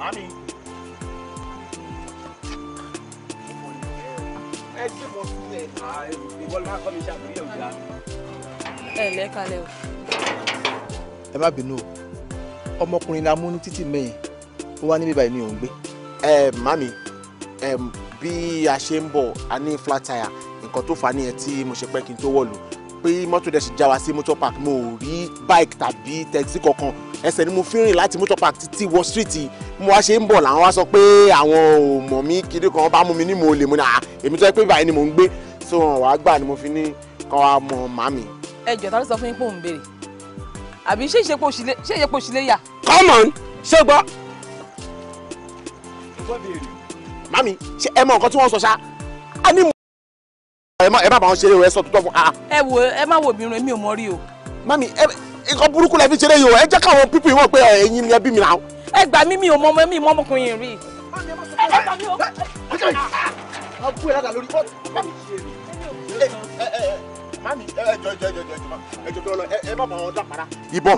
mami. ẹ jẹ́ mọ fún ẹ ìwọ ló máa kọ́ mi ṣàkóyè òjá. ẹ lẹ́ kalẹ̀ o. ẹ má bínú o ọmọkùnrin la mú ní títì mẹ́yìn ó wá ní bíbá ìní òun gbé. ẹ mami bi a ṣe ń bọ̀ a ní flat tire nǹkan tó fà á nìyẹn tí mo ṣe pẹ́ kí n tó wọ̀lú pé mọ́tò dẹ̀ ṣe já wa sí motor park mo ò bike tabi, taxi kankan ẹsẹ̀ ni mo fi rìn láti motor park títí wọ street mo wá ṣe ń bọ̀ làwọn wá sọ pé àwọn ò mọ̀ mí kiri kan bá mú mi ní mo lè mu náà èmi tó yẹ pé báyìí ni mò ń gbé so hàn wá gbà ni mo fi ní kọ́ wa mọ màmí. ẹ jọ̀ọ́ ló sọ fún yín pé òun béèrè àbí ṣé ìṣepò òṣìlẹ̀ yà. come on ṣé gbọ́. mami ṣe ẹ mọ nǹkan tí wọ́n sọ ṣá a ní. ẹ má bá wọn ṣeré o ẹ sọ tó tọ́ fún. Ah, ah. ẹ wo ẹ má wo obìnrin mi ò mọ rí o. mami ẹ. Eh, nǹkan burúkú lẹ fi ṣeré yìí o ẹ jẹ́ káwọn pípì mọ̀ pé ẹ̀yin ni ẹbí mi náà. ẹ gbà mí mi ò mọ ọmọ mi mọ ọmọkùnrin rí. ẹ ẹ gbà mí o. àbú ẹ̀ ládàá lórí mami ẹjọ ẹjọ ẹjọ ẹjọ tó lọ ẹ má mọ ọ dàpara. ìbọn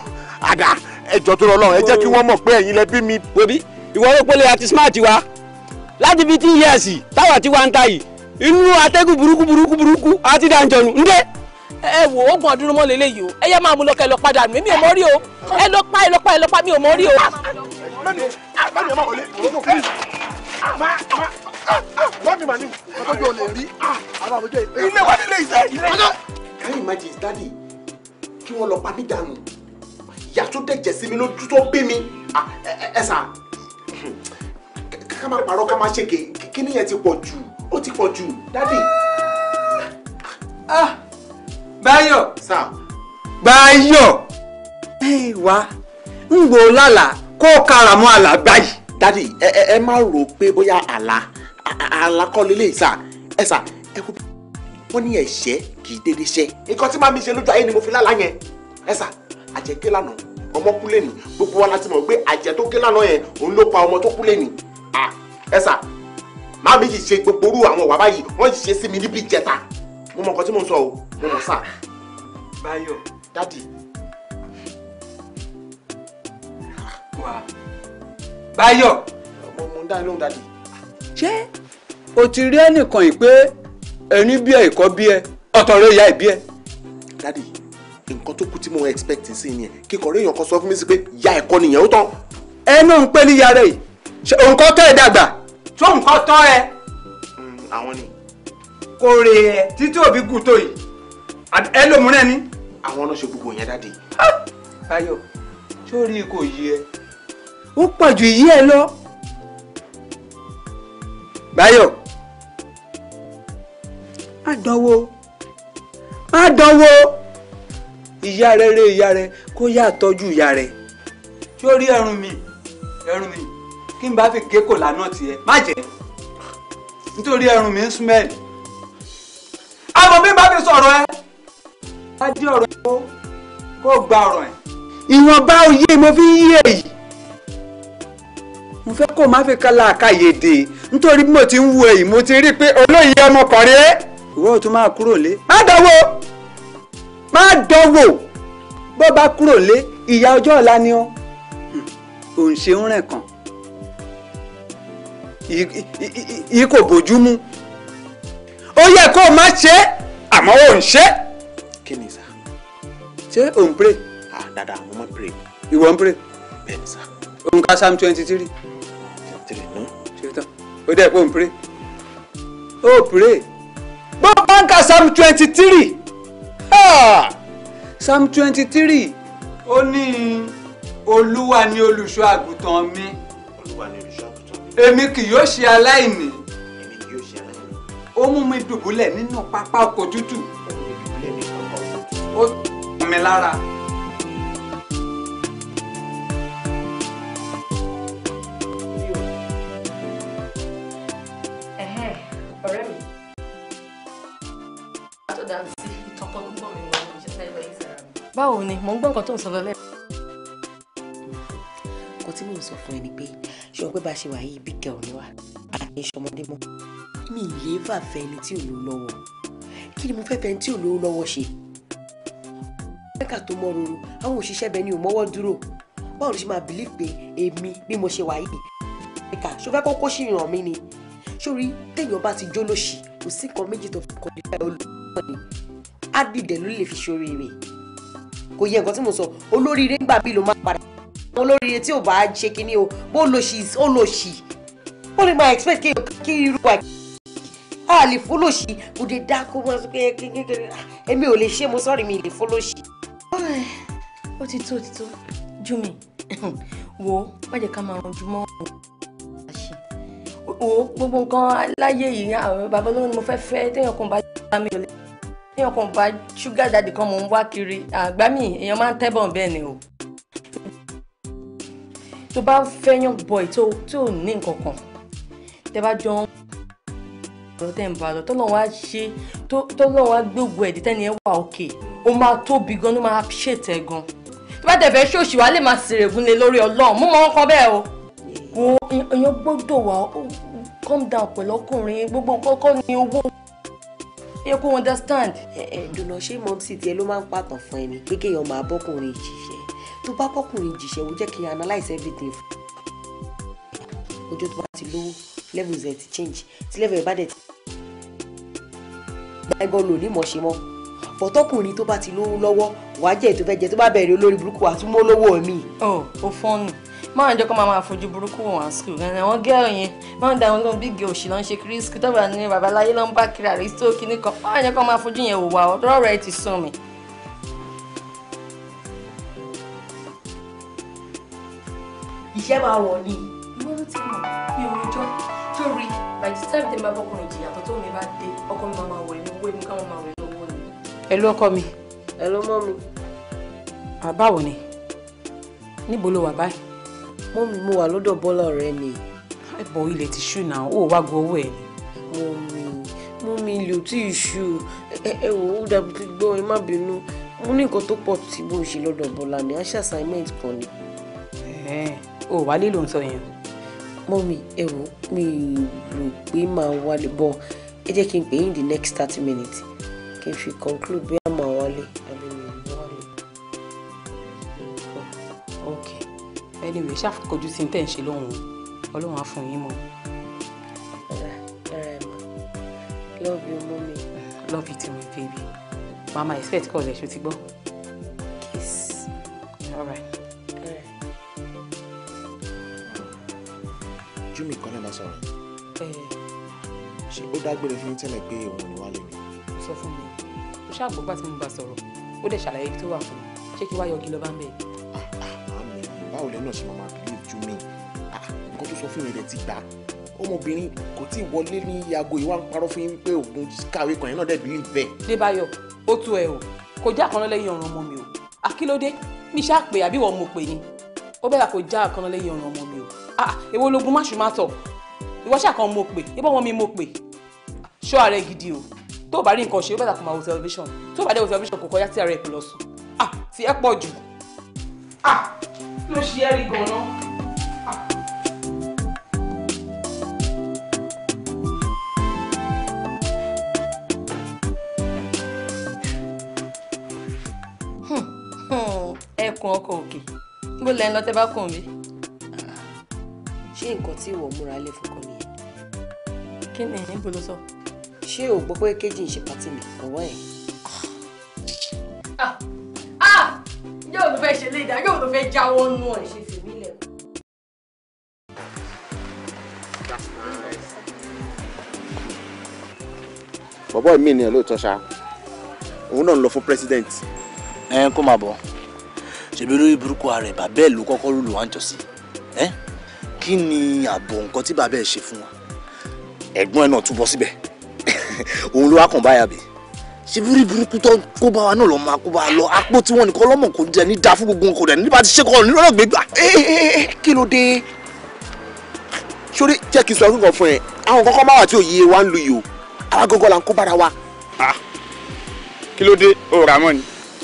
àdá ẹjọ tó lọ lọ ẹ jẹ́ kí wọ́n mọ̀ pé ẹ̀yin lẹ bí mi. bobi ìwọ ló pélé àti smart wa láti fi tí yẹ ẹsì táwa ti wá ń ta yìí inú atẹ́gùn burúkú burúkú burúkú àti dànjọ́nù ń dé ẹ wò ó gan ọdún mọ́ lélẹ́yìí o ẹ yẹ máa mú lọ́kẹ́ lọ padà nù mí ò mọ rí o ẹ lọ pa ẹ lọ pa ẹ lọ pa mi ò mọ rí o. mami mani ọtọjú olè rí ah, ara àbújá ìpè. ilé wa nílé iṣẹ́ ilé wa. can you imagine daddy kí wọ́n lọ pa mí dànù ìyá tó dẹ̀jẹ̀ sí mi lójú tó bí mi ah, ẹ sà ká má parọ́ ká má ṣe kí nìyẹn ti pọ̀ jù ó ti pọ̀ jù daddy. Ah, báyọ̀ báyọ̀ ẹ wá ń gbò lálàá kó o kara mọ́ àlá báyìí. dadi ẹ ẹ má rò pé bóyá àlá àlá kọ́ lélẹ̀ sà ẹ sà ẹ kó wọ́n ní ẹ̀ṣẹ̀ kì í dédé ṣẹ. nǹkan tí màmí ṣe lójú ayé ni mo fi lálàá yẹn ẹ sà àjẹké lánàá ọmọ kú lẹ́nu gbogbo wa láti mọ̀ pé àjẹ tó ké lánàá yẹn òun ló pa ọmọ tó kú lẹ́nu ẹ sà màmí yìí ṣe gbogbo orú àwọn wàbá yìí wọ́n ṣe sí mi níbi ìjẹta mo mọ̀ nǹkan tí mo sọ o bọ́lá sá. Báyọ̀. Dádì. Wà. Báyọ̀. Mo mú dání lóhùn Daddy. Che? o ti rí ẹnìkan yìí pé ẹni bí ẹ ìkọ́ bí ẹ ọ̀tọ̀ rẹ̀ ìyá ìbí ẹ? Dádì nǹkan tó kù tí mo expect sí ni ẹ kíkọ rẹ èèyàn kan sọ fún mi sí pé ìyá ẹ̀kọ́ nìyẹn ó tán. ẹnu ń pẹ́ níyà rẹ̀ ṣe nǹkan tọ́ ẹ dàgbà. tó nǹkan tọ́ ẹ. àwọn ni. kò rè é títí òbí gùn tó yìí ẹ lòmùrán ẹni. àwọn ọ̀nà ṣe gbogbo yẹn dáadé. Báyọ̀ sórí kò yí ẹ. ó pọ̀ ju yí ẹ lọ. Báyọ̀ á dánwò á dánwò ìyá rẹ rẹ ìyá rẹ kó yá àtọ́jú ìyá rẹ sórí ẹrù mi ẹrù mi kí n bá fi kéko lànà tiẹ̀ má jẹ́ nítorí ẹrù mi ń súnmẹ́ẹ̀lì àmọ́ bí n bá fi sọ̀rọ̀ ẹ ṣáájú ọ̀rọ̀ ìwọ kó gba ọ̀rọ̀ ẹ̀. ìwọ̀nba òye mo fi ń yí èyí mo fẹ́ kó má fi kálá àkàyèdè nítorí bí mo ti ń wo èyí mo ti rí i pé olóyè ọmọkùnrin ẹ ìwọ ò tún máa kúrò lé má dánwò má dánwò bó bá kúrò lé ìyá ọjọ́ ọ̀la ni ó hm, òun ṣe ń rìn kàn yìí kò bójú mu ó yẹ kó o má ṣe é àmọ́ ò ń ṣe é ṣé ò ń pray. ah dada mo máa pray. ìwọ ń pray. bẹ́ẹ̀ni sá. òǹkà psalm twenty three. twenty three nù. ṣe tán ó dẹ́ pé ò ń pray. O pray. bó bá ń ka psalm twenty three. Ah! psalm twenty three ó ní olúwa ni olùṣọ́ àgùntàn mi. olúwa ni olùṣọ́ àgùntàn mi. èmi kì yóò ṣe aláìní. èmi kì yóò ṣe aláìní. ó mú mi dùbúlẹ̀ nínú pápá oko tútù. ó mi lára. báwo ni mò ń gbọ́ nǹkan tó ń sọ lọ lẹ́yìn. kò tí mò ń sọ fún ẹ ni pé ṣé o pé bá a ṣe wà yìí big girl ni wá àti ìṣọmọdé mọ́ mi ì lè fàfẹ́ ẹni tí ò lówó lọ́wọ́ kí ni mo fẹ́ fẹ́ ẹni tí ò lówó lọ́wọ́ ṣe mẹ́kà tó mọ roro àwọn òṣìṣẹ́ bẹ́ẹ̀ ni ò mọ́wọ́ dúró báwo ló ṣe máa bìlí pé èmi bí mo ṣe wà yìí mẹ́kà ṣó fẹ́ kọ́kọ́ ṣì ràn mí ni sórí téèyàn bá ti jó kò sí nǹkan méjì tó fi kọ́ni fẹ́ olùkọ́ ni ádìdẹ̀ ló lè fi ṣoríire kò yẹ nǹkan tí mo sọ olóríire ń bí ló máa padà àwọn olóríire tí ò bá ṣe kinní o bó lòṣì ó lòṣì ó lè máa expect kí irú wa a lè fólòṣì kò dé dá kó máa sọ pé kékeré ah, èmi ò lè ṣe mo sọ́ọ̀rì mi lè fólòṣì ó ti tó ó ti tó júmi wo má jẹ́ ká máa ranjú mọ́ o gbogbo nǹkan láyé yìí àwọn bàbá olówó ni mo fẹ́ fẹ́ téèyàn kan bá ṣúgà mi lè téèyàn kan bá ṣúgà jáde kan mò ń wá kiri àgbá mi èèyàn máa ń tẹ́bọ̀n bẹ́ẹ̀ ni o tó bá fẹ́yàn bọ̀ tó ò ní nǹkan kan tẹ́ bá jọ ń ọ̀rọ̀ tẹ́ ń bá lọ tọ́lọ́run á ṣe tọ́lọ́run á gbégbó ẹ̀dí tẹ́ni ẹ wà òkè ó máa tóbi gan ló máa ṣètẹ̀ gan tó bá tẹ̀fẹ́ ṣòṣì wá lè máa ṣèrègùn lé lórí ọlọ́run mú wọn kan bẹ́ẹ̀ o. wo èèyàn gbọ́dọ̀ wá calm down pẹ̀lú ọkùnrin gbogbo kọ́kọ́ ni owó yẹ kó understand. ẹ ẹ dùnà ṣé mọ́mísì tiẹ̀ ló máa ń pàtàn fún ẹni pé kéèyàn máa bọ́kùnrin jìṣẹ́ tó bá bọ́kùnrin jìṣẹ́ wo jẹ́ kí n analyse everything fún ọjọ́ levels ẹ̀ change tí level ẹ̀ bá dẹ̀ ti. ẹgbẹ́ lò ní mọ̀ ṣe mọ́ fọtọkùnrin tó bá ti lówó lọ́wọ́ wàá jẹ́ ètò fẹ́ tó bá bẹ̀rẹ̀ olórí burúkú àtúmọ̀ lówó mi. ọ ò fọ́nù máa ń jẹ́ kó máa máa fojú burúkú wọn wá skul gan àwọn gẹ́rù yẹn máa ń da àwọn big girl òṣì ló ń ṣe kiri skul tó bá ní babaláyé ló ń bá kiri àrísító kínní kan máa ń jẹ́ kó máa fojú yẹn wò wá ọ̀dọ́ rẹ̀ ti sùn mí. iṣẹ́ máa wọ̀ ni. ìwé ló ti mọ̀ mi ò sórí by the time tẹ́ máa bọ́kùnrin jìyà tó tó mi bá dé ọkọ mi máa wọ̀ lówó èmi káwọn máa wọ̀ lówó ni. ẹ ló ọkọ mi. ẹ ló mọ mi. báwo ni níbo ló wà báyìí. mọ mi mo wà lọ́dọ̀ Bọ́lá ọ̀rẹ́ mi. ẹbọ ilẹ̀ ti ṣù náà ó wá gbọ́ owó ẹ̀ ni. mo mi mo mi lò tí ì ṣù ẹ wò ó dàbí mo ní nǹkan tó pọ̀ tí mo ṣe lọ́dọ̀ Bọ́lá ni assignment kan ni. ẹ ò wálé ló ń sọ yẹn mọ́mì ẹ wò mí rò pé màá wálé bọ̀ ẹ jẹ́ kí n pè yín the next thirty minutes kí n fi conclude bí àmọ́ wálé àbí mi ò wálé. ok anyway ṣàfikọ́jú sí tẹ̀ ń ṣe lọ́hùn ọlọ́run á fún yín mọ́. love you mommy. love you too my baby mama expect call ẹ̀ ṣó ti gbọ́. kiss. all right. ojú mi kan náà bá sọ̀rọ̀ yìí. ṣé ó dágbére fún tẹ́lẹ̀ pé òun ni wálé mi. sọ fún mi ó ṣàgbọ́gbà tí mo bá sọ̀rọ̀ ó dẹ̀ ṣàlàyé ibi tó wà fún mi ṣé kí wá yọgi lọ bá ń bẹ̀. Ah, ah, àmì báwo lẹ́nu ṣe máa bílí ojú mi ah, nǹkan tó sọ fún mi rẹ̀ ti gbà ọmọbìnrin kò tí ì wọlé ní aago ìwà ń parọ́ fún yín pé òun kàwé kan yẹn náà dẹ̀ bílí bẹ́ẹ̀. Débáyọ̀ ó tu ẹ̀ o kò já kan lẹ́yìn ọ̀ràn ọmọ mi o àkílódé mi ṣáà pè àbí wọ́n mo pè ni ó bẹ́ẹ̀ kò já ah èwo logun máṣu máa sọ ìwọ ṣàkàn mo pè ibọ wọn mi mo pè ṣọ́ ààrẹ gidi o tó o bá rí nǹkan ṣe ó bẹ̀rẹ̀ kó máa wo television tó o bá dé wo television kò kọjá sí ara ẹ̀ kò lọ sùn ah ti ẹ pọ̀ jù ah ló ṣe ẹ́ rí gan-an. Ah. Hmm, hmm, ẹkùn ọkọ òkè bó lẹ ń lọ tẹ bá kùn mí ṣé nǹkan tí ìwọ múra lé fún kan nìyẹn. kí ni níbo ló sọ. ṣé o gbọ́ pé kejì ń ṣe pàtì mi ọ̀wọ́ ẹ̀. Ah! Ah! yóò ló fẹ́ ṣe lé ìdá yóò ló fẹ́ jáwọ́ nù ẹ̀ ṣe fi mí lẹ̀. bọ̀bọ̀ mi ni ẹ̀ lóòótọ́ ṣá òun náà ń lọ fún president. ẹ kó máa bọ̀ ṣèbí lórí burúkú ara ẹ̀ bàbá ẹ̀ ló kọ́kọ́ rú lò wá ń jọ sí i kí ni ààbò nǹkan tí bàbá ẹ̀ ṣe fún wa ẹ̀gbọ́n ẹ̀ náà tún bọ́ síbẹ̀ òun ló wá kàn báyà bẹ́ẹ̀ ṣe búrí burúkú tó kó bá wa náà lọ máa kó bá a lọ apó tí wọn nìkan lọmọ kò jẹ ní da fún gbogbo nǹkan dẹ nípa ti ṣe kọ ní lọ́nà gbégbà. kí ló dé sórí jẹ́ kí n sọ akẹ́kọ̀ọ́ fún ẹ àwọn kọ́kọ́ máa wà tí òye wa ń lu yìí o àwọn gọ́gọ́ ń kó bára wa. Ah, kí ló dé o rà mọ́ ni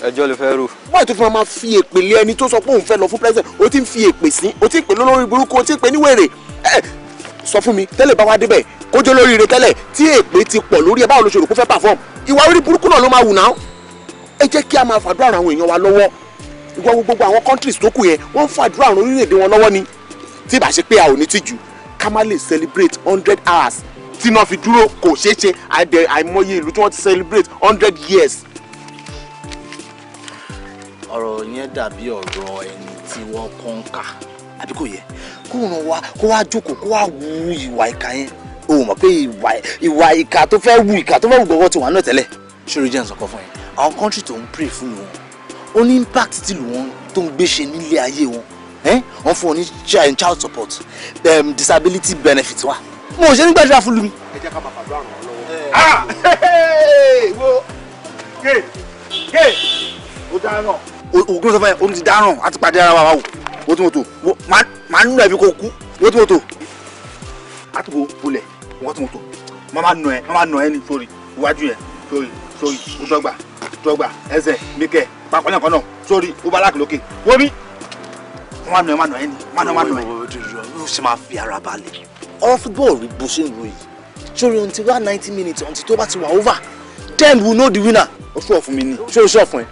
ẹjọ́ ló fẹ́ rù. bọ́ọ̀ tó fi máa fi èpè lé ẹni tó sọ pé òun fẹ́ lọ fún president o ti ń fi èpè sí o ti ń pè lólórí burúkú o ti ń pè ní wèrè ẹ sọ fún mi tẹ́lẹ̀ bá wá débẹ̀ kójó lórí rẹ tẹ́lẹ̀ tí èpè ti pọ̀ lórí ẹ báwo ló ṣe rò kó fẹ́ perform ìwà orí burúkú náà ló máa wù náà ẹ jẹ́ kí a máa fàdúrà àwọn èèyàn wa lọ́wọ́ ìwọ gbogbo àwọn countries tó kù yẹn wọ́n ń fàdúrà àwọn orílẹ̀-èdè wọn lọ́wọ́ ni tí ìbá ṣe pé a ò ní tìjú ká má lè celebrate hundred hours tí náà fi dúró kò ṣeé ṣe àìmọye ìlú tí wọ́n ti celebrate hundred years ọ̀rọ̀ yẹn dàbí ọ̀rọ̀ ẹni tí wọ́n kọ́ ń kà àbí kò yẹ kó ràn wá kó wá jókòó kó wá wu ìwà ìka yẹn o mọ̀ pé ìwà ìka tó fẹ́ wu ìka tó fẹ́ wù gbọ́gbọ́ ti wà náà tẹ́lẹ̀ ṣòro jẹ́ nsọ̀kan fún yẹn àwọn kọ́ńtì tó ń pè fún wọn ó ní impact tí wọn tó ń gbé ṣe nílé ayé wọn wọn fún wọn ní eh, child support um, disability benefit wa mo ò ṣe ní gbàdúrà fún lumi. ẹ jẹ́ ká bàbá àdúrà ràn án lọ́wọ́. Eh. Ah! wo gé gé ó dáná ògùn sọfẹ òun ti dáràn àti pàdé ara wa wò wọ́n tún mọ̀tò màá nù ẹ̀bí kò kú wọ́n tún mọ̀tò àtúbò bolẹ̀ wọ́n tún mọ̀tò màmá nù ẹ màmá nù ẹ ní sórí iwájú ẹ sórí sórí ó dọ́gba dọ́gba ẹsẹ̀ mikẹ papọ̀ náà kan náà sórí ó bá láàkì lókè wọ́n mi nù ẹ màmá nù ẹ ní màmá nù màmá nù ẹ. ó sì máa fi ara balẹ̀. off ball bó ṣe ń ro yìí sórí ohun ti ninety minutes ohun tó bá ti wà over then we know the winner. ó ṣọ́ fún mi ni ṣé ṣọ́ fún ẹ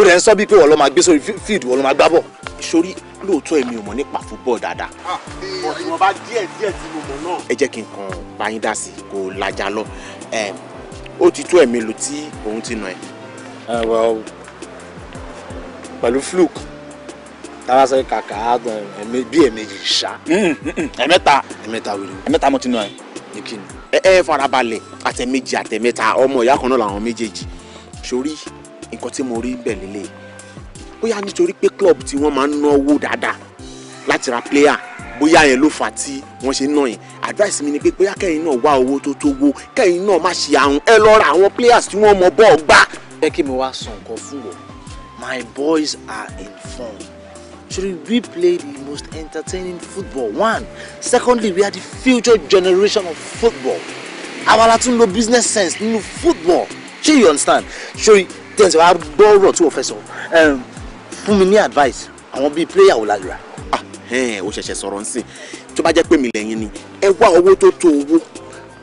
ó rẹ̀ ń sọ bíi pé wọ́n lọ́ máa gbé sórí fíìdì wọ́n lọ́ máa gbá bọ̀. sórí lóòótọ́ èmi ò mọ̀ nípa fúbọ̀ dáadáa. Ah, bọ̀ tí wọ́n bá díẹ̀ díẹ̀ tí mo mọ̀ náà. ẹ jẹ́ kí n kàn bá yín dá sí kó lajà lọ ó ti tó ẹ̀mí lo tí òun ti nà ẹ̀. Ah, pẹ̀lú fluke tara sẹ kàkà bí ẹ̀mejì ṣá. Mm, mm, mm. ẹ̀mẹ́ta ẹ̀mẹ́ta wẹ̀rẹ̀ ẹ̀mẹ́ta mo ti nà ẹ̀ ní kí ni. ẹ ẹ farabalẹ̀ àtẹ̀mejì àtẹ̀mẹ́ta ọmọ ìyá kan náà làwọn méjèèjì sórí nǹkan tí mo rí bẹ̀ lélẹ̀ bóyá nítorí pé club tí wọ́n máa ń ná owó dáadáa láti ra player bóyá yẹn ló fà á tí wọ́n ṣe ń ná yẹn advice mi ni pé bóyá kẹ́yìn náà wá owó tó tó wo kẹ́yìn náà má ṣe àrùn ẹ lọ àwọn players tí wọ́n mọ bọ́ọ̀ gbá. ẹ kí mi wá sọ nǹkan fún wọn my boys are informed Surely we play the most entertaining football one secondly we are the future generation of football àwa la tún lo business sense nínú football ṣé you understand Surely tẹ́ǹsì wa gbọ́ ọ̀rọ̀ tí o fẹ́ sọ fún mi ní advice àwọn bíi player ò lára. o ṣẹ̀ṣẹ̀ sọ̀rọ̀ nsìn tó bá jẹ́ pé mi lẹ́yìn ni ẹ wá owó tó tó owó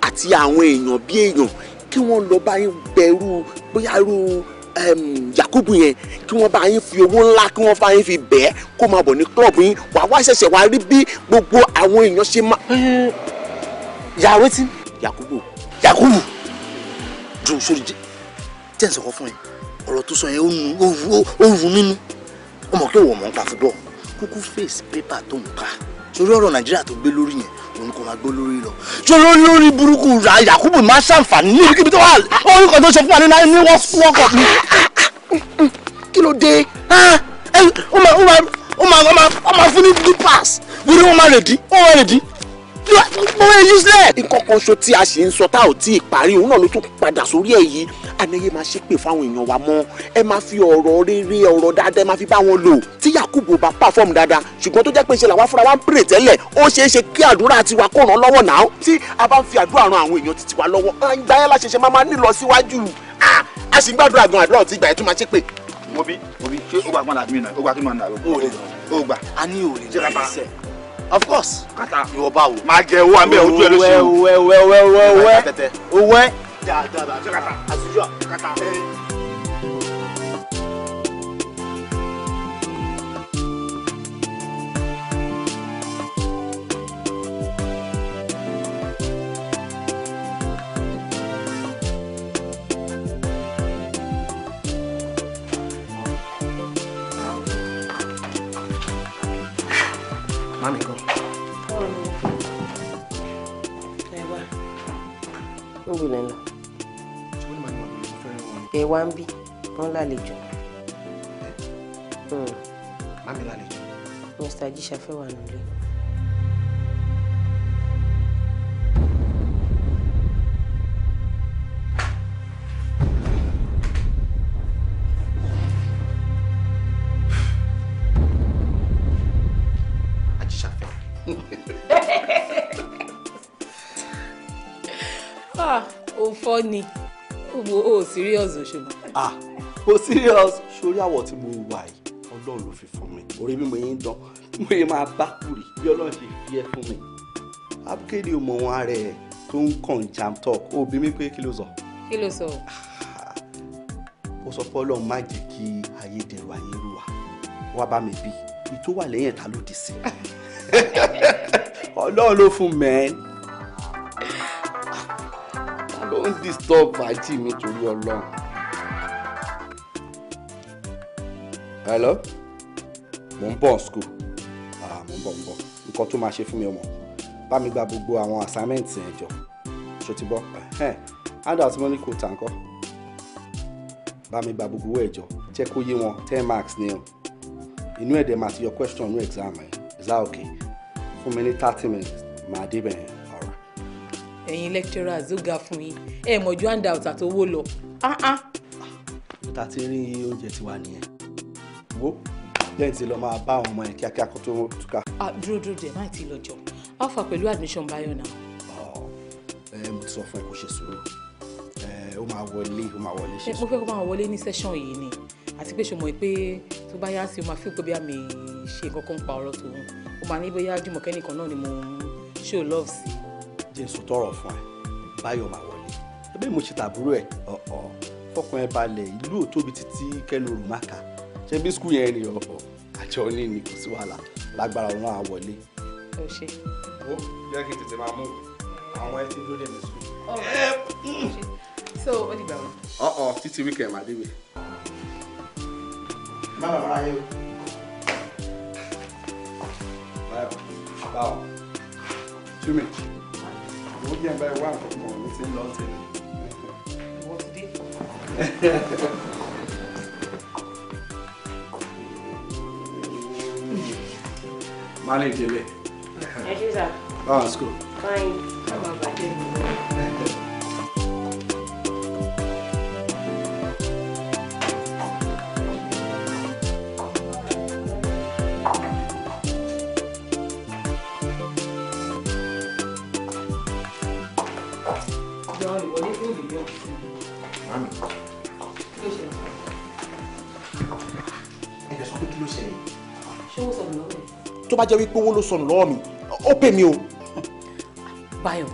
àti àwọn èèyàn bí èèyàn kí wọ́n lọ bá yín bẹ̀rù bóyá irú Yakubu yẹn kí wọ́n bá yín fi owó ńlá kí wọ́n bá yín fi bẹ́ẹ̀ kó máa bọ̀ ní club yín wà wá ṣẹ̀ṣẹ̀ wá rí bí gbogbo àwọn èèyàn ṣe máa. yàrá wetin. Yakubu Yakubu jù sórí jẹ tẹ́ǹsì kọ fún yín ọ̀rọ̀ tó sọ yẹn ó nu ó ru nínú ọmọ kí òwò mọ̀ ń pa fúbọ̀ kúkú face paper tó ń ka sórí ọ̀rọ̀ nàìjíríà tó gbé lórí yẹn òun kò máa gbé lórí lọ sórí lórí burúkú yakubu máa ṣàǹfààní ní ibikíbi tó wà orúkọ tó ṣe fún wa ní ní wọ́ọ̀kọ̀ mi kí ló dé ó máa fún ní good pass wíwí ó máa rèdí ó máa mo yẹ useless. nǹkan kan ṣo tí a ṣe ń sọ tá ò tí ì parí òun náà ló tún padà sórí ẹ̀ yìí àníyé máa ṣépè fáwọn èèyàn wa mọ́ ẹ máa fi ọ̀rọ̀ rere ọ̀rọ̀ dáadáa ẹ máa fi bá wọn lò tí Yakubu bá pàfọ́ọ̀mù dáadáa ṣùgbọ́n tó jẹ́ pé ṣe làwọn afúnra wa ń pèrè tẹ́lẹ̀ ó ṣeé ṣe kí àdúrà tiwa kó ràn lọ́wọ́ náà tí a bá ń fi àdúrà ran àwọn èèyàn títí lọ́wọ́ ìgbà yẹn láṣẹṣẹ máa máa nílọ síwájú a sì gbàdúrà gan àdúrà ọ̀tí ìgbà yẹn tún máa ṣe o gba of course. kata ìwọ bá wo. máa jẹ owó àmì ojú ẹ lóṣù. owó dáadáa àti kàtà as usual kàtà ẹ̀yìn. Muy bien tẹ wá ń bí wọ́n lálejò. mami lálejò. mr ajíṣafẹ́ wà nílé. ah, òfò ni wo o serious ṣùgbọ́n. ah mo serious sórí àwọ̀ tí mo wà yìí ọlọ́run ló fi fún mi orí mi mo yín dán mo yẹ máa bá kúrì bí ọlọ́run ṣe fi ẹ́ fún mi abúkéde ò mọ wọn ara ẹ tó ń jam talk ó bí mi pé kí so sọ. kí ló sọ. ó sọ pé ọlọ́run má jẹ́ kí ayédèrú ayé rú wa wá bá mi bí ìtò wà lẹ́yìn ẹ̀ta ló dì sí ọlọ́run ló fún mẹ́ẹ́ ń disturb fàájì mi torí ọlọ́run. hello mo ń bọ̀ school ah mo ń bọ̀ ń bọ̀ nǹkan tó máa ṣe fún mi ọmọ bá mi gba gbogbo àwọn assignment yẹn jọ ṣó ti bọ́ hand out money kò tà ńkọ́ bá mi gba gbogbo owó ẹ̀ jọ jẹ́ kó yé wọn ten marks ni o inú ẹ̀ dẹ̀ máa ti yọ question inú exam ẹ̀ is that okay fún mi ní thirty minutes màá débẹ̀ yẹn ẹ̀yin lecturers ó ga fún yín ẹ mọ̀ ju handout àtowó lọ. ta ti rí iye oúnjẹ tiwa nìyẹn wo lẹ́yìn tí lọ máa bá àwọn ọmọ yẹn kíákíá kó tó túká. Ah, dúró dúró dẹ̀ máì tí lọ jọ alpha pẹ̀lú admission báyọ̀ náà. mo ti sọ fún ẹ kó ṣe sùúrù ó máa wọlé ó máa wọlé ṣe sùúrù. mo fẹ́ kó máa wọlé ní session yìí ni àti pé ṣọmọ pé tó bá yá sí o máa fi pé bí ṣe nǹkan kan pa ọ̀rọ̀ tòun ó máa ní bóyá jùmọ̀kẹ́ náà ni mo show love sí i jẹ́ n sòtọ́rọ̀ fún ẹ báyọ̀ máa wọlé ẹbí mo ṣe tàbúrò ẹ ọ̀ọ̀ fọkàn ẹ balẹ̀ ìlú òtóbi títí kẹnu rò má kà ṣe bí skul yẹn ni ọ̀ọ̀ àjọ ní ní kò sí wàhálà lágbára ọ̀run á wọlé. ó ṣe. ó yẹ kí n tètè máa mú àwọn ẹtí ló dé mi sùn. so ó dìgbà wọn. ọ̀ọ̀ títí wíkẹ̀ máa dé mi. má bàbá ayé o. báyọ̀ báwo. two ó bí ẹgbẹ́ wà kankan ló ti lọ tẹ̀lé. ìwọ ti dé. má lè délé. ẹ ṣe sá. báwo school. fine. ká máa bàjẹ́ tó bá jẹ́ wípé owó ló sọnù lọ́wọ́ mi ó pè mí o. Báyọ̀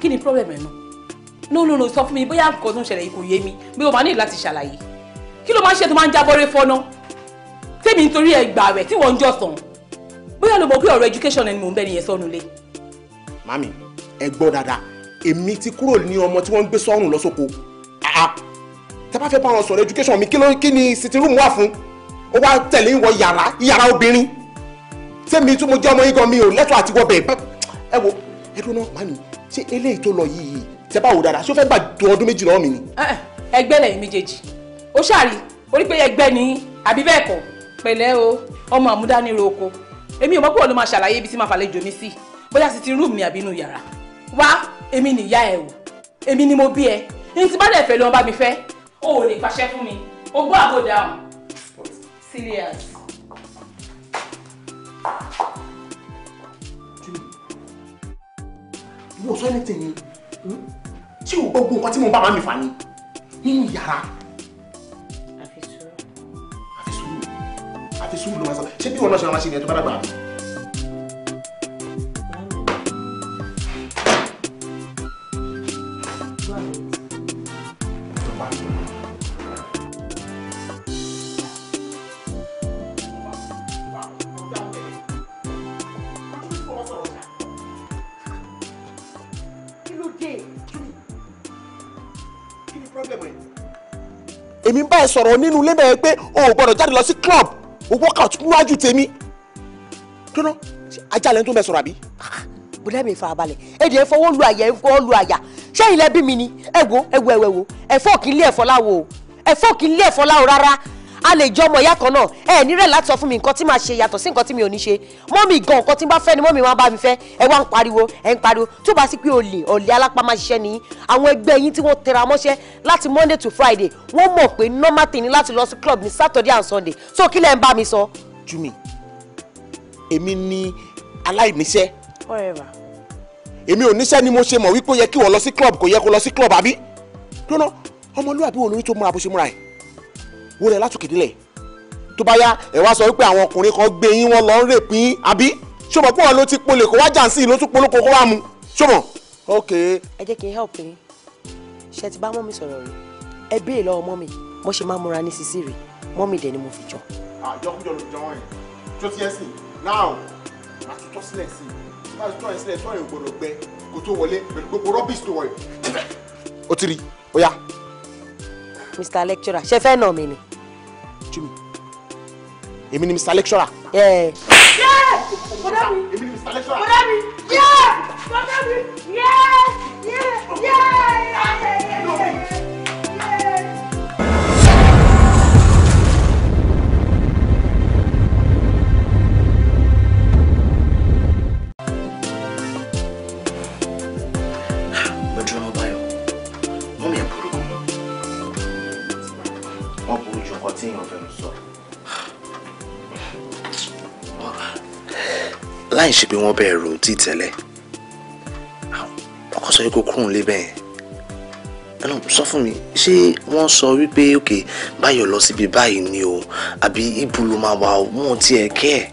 kí ni problem ẹ̀ náà no no no sọ fún mi bóyá nǹkan tó ń ṣẹlẹ̀ yìí kò yé mi bí o máa ní láti ṣàlàyé kí ló máa ń ṣe tó máa ń jábọ́rẹ́ fọ́nà tèmi nítorí ẹ̀ gbà rẹ̀ tí wọ́n ń jọ sàn bóyá ló mọ̀ pé ọ̀rọ̀ education ẹni mò ń bẹ nìyẹn sọnù lé. mami ẹ gbọ́ dáadáa èmi ti kúrò ní ọmọ tí wọ́n ń gbé sọ́run lọ́sọ̀kọ tẹ bá fẹ́ bá wọn sọ̀rọ̀ education mi kí ni sitting room wà fún ó wá tẹ̀lé ìwọ yàrá yàrá obìnrin sẹ́mi tí mo jẹ́ ọmọ yín gan mi ò lẹ́tọ̀ọ́ àti wọ́bẹ̀ ẹ wo ẹ dúró náà màmí ṣé eléyìí tó lọ yìí tẹ bá wò dáadáa ṣé ó fẹ́ gbà ju ọdún méjì lọ́wọ́ mi ni. ẹgbẹ́ lẹ́yìn méjèèjì ó ṣàrí orí pé ẹgbẹ́ ni àbí bẹ́ẹ̀ kọ́ pẹ̀lẹ́ o ọmọ àmúdánirò oko èmi ò mọ̀ pé òun ló máa ṣàlàyé ibi tí màá fàlejò mi sí bóyá sì ti rúùmù mi àbí inú yàrá wá èmi nìyá ẹ o èmi ni mo bí ẹ ní ti bá dẹ̀ fẹ́ lọ́n bá mi fẹ́ o ò lè pàṣẹ fún mi o gbọ́ àbò dáhùn serious wo sọ ẹni tèmi tí o gbogbo o tí mo bá máa mi fà ni nínú yàrá. àfi sùúrù àfi sùúrù ló máa sọ ṣé bí wọn náà ṣe máa ṣe ìyẹn tó bá dàgbà mi. èmi bá ẹ sọ̀rọ̀ nínú ilé bẹ́ẹ̀ pé o ò gbọ́dọ̀ jáde lọ sí club o workout níwájú tèmi tóná ajá lẹ́nu tó bẹ sọ̀rọ̀ àbí. bùdá mi farabalẹ̀ èdè ẹ fọwọ́ lu àyà ẹ fọwọ́ lu àyà ṣé ilẹ̀ bí mi ni ẹ wo ẹ wo ẹ wo ẹ fọ́ kí n lé ẹ̀fọ́ láwo ẹ fọ́ kí n lé ẹ̀fọ́ láwo rárá a lè jọ ọmọ ìyá kan náà ẹ nírẹ̀ láti sọ fún mi nǹkan tí màá ṣe yàtọ̀ sí nǹkan tí mi ò ní ṣe mọ́mì gan nǹkan tí n bá fẹ́ ni mọ́mì máa bá mi fẹ́ ẹ wá ń pariwo ẹ ń pariwo tó bá sí pé olè olè alápá máa ṣiṣẹ́ nìyí àwọn ẹgbẹ́ yín tí wọ́n tẹra mọ́ṣẹ́ láti Monday to Friday wọ́n mọ̀ pé normal thing ni láti lọ sí club ni Saturday and Sunday so kí lẹ́ ń bá mi sọ. Jumi èmi ni aláìníṣẹ́ èmi ò níṣẹ́ ni mo ṣe mọ̀ wípé ó yẹ kí wọ́n lọ sí club kò yẹ kó lọ sí club àbí? dúró ọmọlúwàbí wo lórí tó múra bó ṣe múra ẹ̀ wúrẹ́ látòkè délẹ̀ tó bá yá ẹ wá sọ wípé àwọn ọkùnrin kan gbé yín wọn lọ ń rè àbí ṣùgbọ́n pọ̀ ló ti polè kó wá jàǹsì ló tún polóko kó wá mu ṣùgbọ́n. ok. ẹ jẹ́ kí n help yín ṣe ti bá mọ́ mi sọ̀rọ̀ rẹ̀ ẹ béèrè lọ́wọ́ mọ́ mi bó ṣe máa múra ní sísí rẹ̀ mọ́ mi dẹ̀ ni mo fi jọ. àjọkújọ ló jọ wọn tó ti ẹ sìn now àtúntọ́ sílẹ̀ sí i má tọ́ ẹ sílẹ̀ tọ́ ẹ gbọ́dọ̀ gbẹ kó tó wọlé pẹ̀lú gbogbo rọ́bìsì tó wọ̀ Mr. lecturer ṣe fẹ́ nà mí ni èmi ni mr lecturer. yẹ́ẹ̀. yẹ́ẹ̀ bọ́dá mi. èmi ni mr lecturer. bọ́dá mi. yẹ́ẹ̀ bọ́dá mi. yẹ́ẹ̀ yẹ́ẹ̀ yẹ́ẹ̀ láì ṣe wọ́n bẹ̀rẹ̀ rò tí ọkọ sọ wípé kúrò nílé bẹ́ẹ̀ ẹnu sọ fún mi ṣé wọ́n sọ wípé òkè báyọ̀ lọ síbi báyìí ni o àbí ibu ló máa wà wọ́n ti ẹ̀ kẹ́ ẹ̀.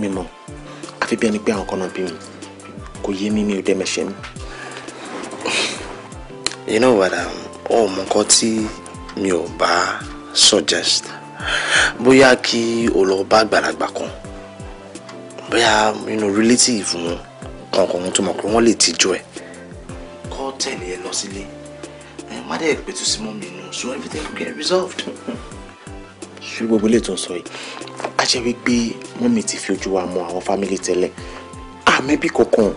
mímọ àfi bí ẹni pé àwọn kan náà bí mi kò yé mi mi ò dẹ́mẹ̀ṣẹ̀ mi. you know what um, ọmọ nǹkan tí mi ò bá suggest bóyá kí o lọ bá àgbàlagbà kan bóyá nínú relative wọn kankan wọn tó mọ̀ pé wọ́n lè tijọ́ ẹ̀ kọ́ tẹ̀lé ẹ lọ sílé ẹ má dẹ̀ pẹ̀tù sí mọ́ mi nù so everything will get resolved. ṣé gbogbo ilé tó ń sọ yìí a jẹ́ wípé mọ́mì ti fi ojú wa mọ àwọn fámìlì tẹ́lẹ̀ àmẹ́bí kankan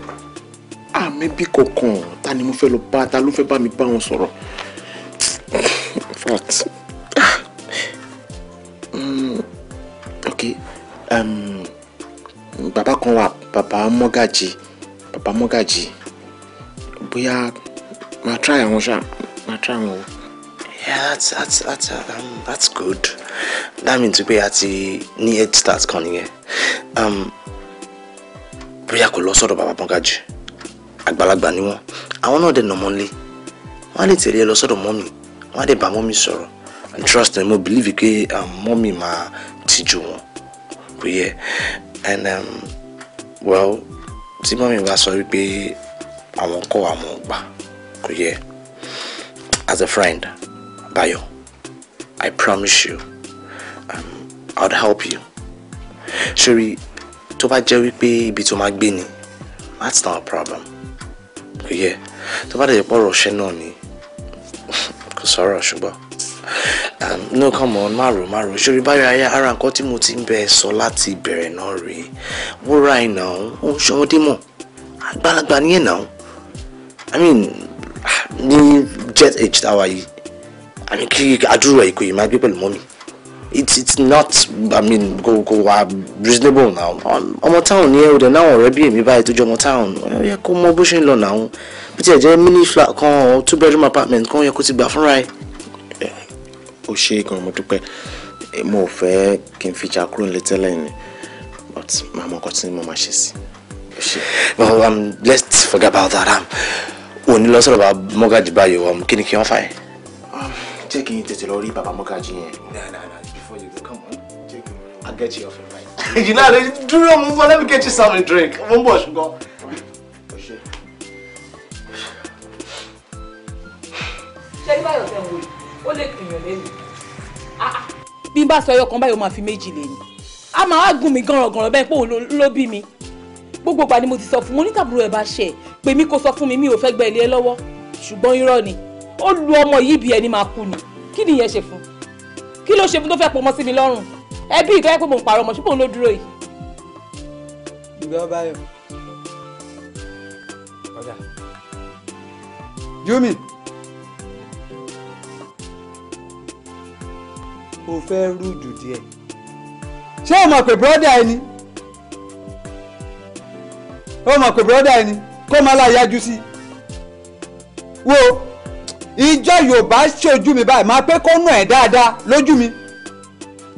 àmẹ́bí kankan ta ni mo fẹ́ lọ bá ta ló fẹ́ bá mi bá wọn sọ̀rọ̀ in hmm, okay. Um, bàbá kan wà bàbá mọ́gàjì bàbá mọ́gàjì bóyá máa try àwọn ṣá máa try àwọn yeah that's that's that's um, that's good that means pé a ti ní head start kan nìyẹn um, bóyá kò lọ sọ́dọ̀ bàbá mọ́gàjì àgbàlagbà ni wọ́n àwọn náà dẹ̀ nàmọ́ lé wọ́n á lè tẹ̀lé ẹ lọ sọ́dọ̀ mọ́mì wọ́n á dẹ̀ bá mọ́mì sọ̀rọ̀ and trust me mo believe pé um, mọ́mì máa tijú wọn kò yẹ and um, well tí mọ́mí bá sọ wípé àwọn kọ́ àwọn gbà kò yẹ as a friend Bayo I promise you um, I'd help you sori tó bá jẹ́ wípé ibi tó máa gbé ni that's not a problem kò yẹ tó bá dẹ̀ pọ̀rọ̀ ọ̀ṣẹ́ náà ni kò sọ̀rọ̀ ṣùgbọ́n. Um, no come on márùn márùn ṣorí báyọ̀ ayé ara nǹkan tí mo ti ń bẹ sọ láti ìbẹ̀rẹ̀ náà rèé wúrà iná ó ń ṣọmọdé mọ̀ àgbàlagbà nìyẹn náà i mean ní jet age táwa yìí i mean kí adúrò ẹ̀ kò yìí máa gbé pẹ̀lú it's it's not i mean go go wá reasonable now ọmọ táwọn ní ẹrù dẹ náà ọ̀rẹ́ bí èmi báyìí tó jẹ́ ọmọ táwọn ó yẹ kó mọ bó ṣe ń lọ náà bí tiẹ̀ jẹ́ mini flat kan two bedroom apartment kan ó yẹ kó ti gbà fúnra ẹ̀ ó ṣe é gan mo dúpẹ́ mo ò fẹ́ kí n fi jà kúrò nílé tẹ́lẹ̀ ni but màá mọ ọkọ tí mo máa ṣe sí ó ṣe. well um, let's forget about that um, òní lọ sọ̀rọ̀ bá mọ́gàjì báyìí um, kí ni kí wọ́n fà yẹn. Um, jẹ́ kí n tètè lọ rí bàbá mọ́gàjì yẹn. no no no before you go come on I'll get you off your you know dúró mo fọ́ let me get you some drink mo ń bọ̀ ṣùgbọ́n. ṣé ní báyọ̀ tẹ̀ ń wò ó lè bí n bá sọ ẹyọ kan báyìí ó máa fi méjì lé ni a máa wá gùn mí gànràngànràn bẹ́ẹ̀ pé òun ló bí mi gbogbo ìgbà ni mo ti sọ fún mo ní tàbúrò ẹ̀ bá ṣẹ̀ pé mi kò sọ fún mi mi ò fẹ́ gbẹ ilé ẹ lọ́wọ́ ṣùgbọ́n irọ́ ni ó lu ọmọ yìí bí ẹni máa kú ni kí ni ìyẹn ṣe fún kí ló ṣe fún tó fẹ́ pọ̀ sí mi lọ́rùn ẹbí ìtọ́ pé mò ń pààrọ̀ ọmọ ṣùgbọ́n ló dúró yìí. ìgbà báyọ̀ ọ̀dà Júmi. o fẹ́ rújù díẹ̀ ṣé o mọ̀ pé bírọ́dà ẹni o mọ̀ pé bírọ́dà ẹni kó máa la yájú sí wo ìjọ Yorùbá ṣojú mi báyìí máa pé kó nù ẹ̀ dáadáa lójú mi